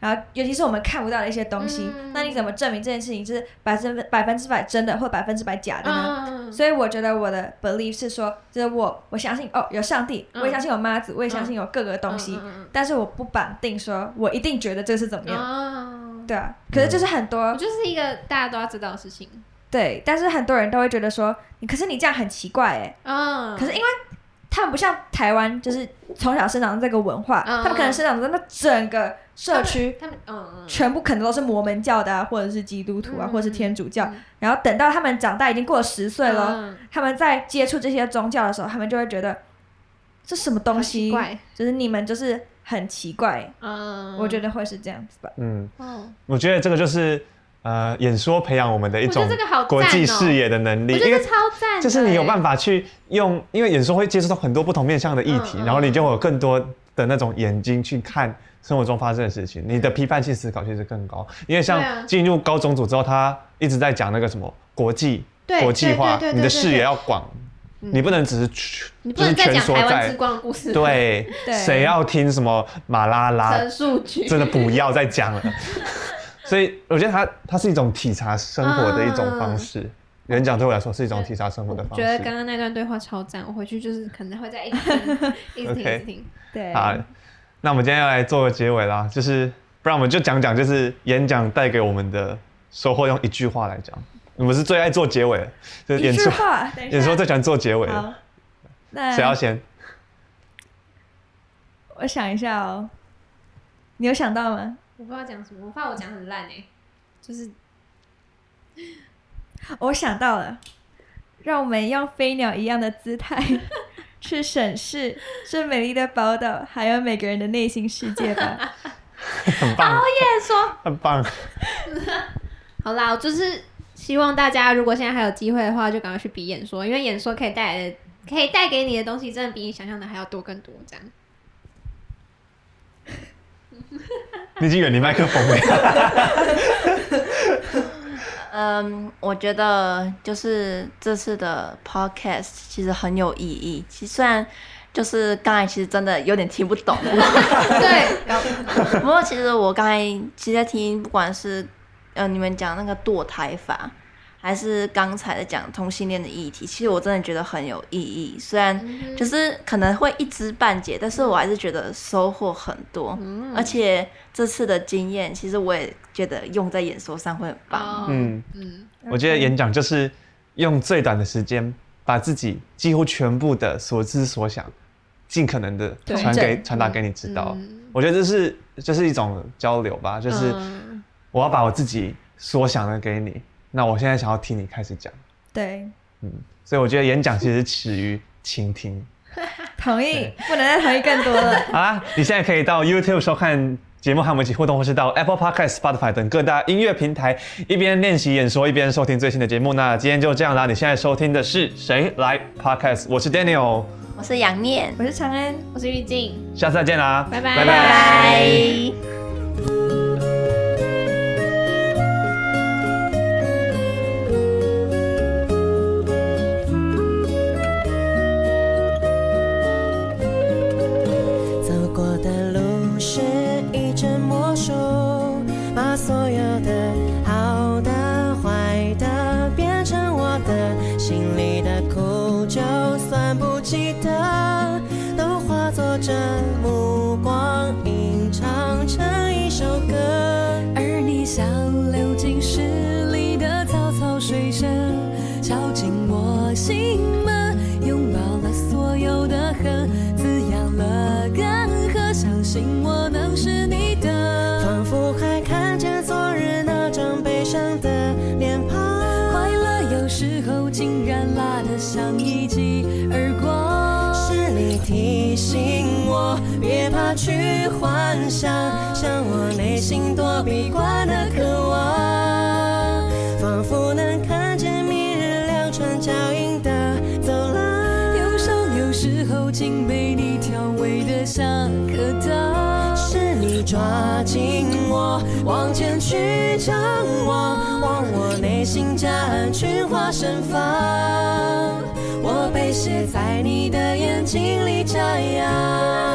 然後，尤其是我們看不到的一些東西，嗯、那你怎麼證明這件事情是百分百分之百真的或百分之百假的呢？嗯、所以，我覺得我的 belief 是說，就是我我相信哦，有上帝，我也相信有媽祖，我也相信有各個東西，嗯嗯嗯嗯、但是我不綁定說，說我一定覺得這是怎麼樣，嗯、對啊。可是，就是很多、嗯，我就是一個大家都要知道的事情。對，但是很多人都會覺得說，你可是你這樣很奇怪哎。嗯、可是因為他們不像台灣，就是從小生長這個文化，嗯、他們可能生長在那整個社區，他們嗯全部可能都是摩門教的，啊，或者是基督徒啊，嗯、或者是天主教。嗯、然後等到他們長大已經過了十歲了，嗯、他們在接觸這些宗教的時候，他們就會覺得這什麼東西，就是你們就是很奇怪。嗯，我覺得會是這樣子吧。嗯，哦，我覺得這個就是。呃，演說培養我們的一種國際視野的能力，超讚。就是你有辦法去用，因為演說會接觸到很多不同面向的議題，然後你就有更多的那種眼睛去看生活中發生的事情，你的批判性思考確實更高。因為像進入高中組之後，他一直在講那個什麼國際、國際化，你的視野要廣，你不能只是，你不能再講臺灣之光故事，對，誰要聽什麼馬拉拉？陳樹菊真的不要再講了。所以我覺得它它是一種體察生活的一種方式，演講、嗯、對我來說是一種體察生活的方式。我覺得剛剛那段對話超讚，我回去就是可能會再一 一聽 okay，一聽。對，好，那我們今天要來做個結尾啦，就是不然我們就講講就是演講帶給我們的收穫，用一句話來講。我們是最愛做結尾，就是演出演出最喜歡做結尾的。誰要先？我想一下哦，你有想到嗎？我不知道講什麼，我怕我講很爛哎、欸。就是， 我想到了，讓我們用飛鳥一樣的姿態去審視這美麗的寶島，還有每個人的內心世界吧。導演說很棒。好啦，我就是希望大家如果現在還有機會的話，就趕快去比演說，因為演說可以帶來的、可以帶給你的東西，真的比你想象的還要多更多。這樣。 你已經遠離麥克風了。嗯，我覺得就是這次的 podcast 其實很有意義。其實雖然就是剛才其實真的有點聽不懂， 對， 不過其實我剛才其實在聽不管是呃你們講那個墮胎法。還是剛才的講同性戀的議題，其實我真的覺得很有意義。雖然就是可能會一知半解，但是我還是覺得收穫很多。而且這次的經驗，其實我也覺得用在演說上會很棒。嗯嗯，我覺得演講就是用最短的時間，把自己幾乎全部的所知所想，盡可能的傳給對傳達給你知道。嗯、我覺得這是這、就是一種交流吧，就是我要把我自己所想的給你。那我現在想要聽你開始講。對，嗯，所以我覺得演講其實始於傾聽。 同意，對不能再同意更多了。啦、 啊，你現在可以到 YouTube 收看節目，和我們一起互動，或是到 Apple Podcast、Spotify 等各大音樂平台，一邊練習演說，一邊收聽最新的節目。那今天就這樣啦，你現在收聽的是誰來、like、Podcast？我是 Daniel，我是養念，我是常恩，我是育靜。下次再見啦，拜拜 bye，拜拜 bye。盛放，我被寫在你的眼睛裡，眨呀。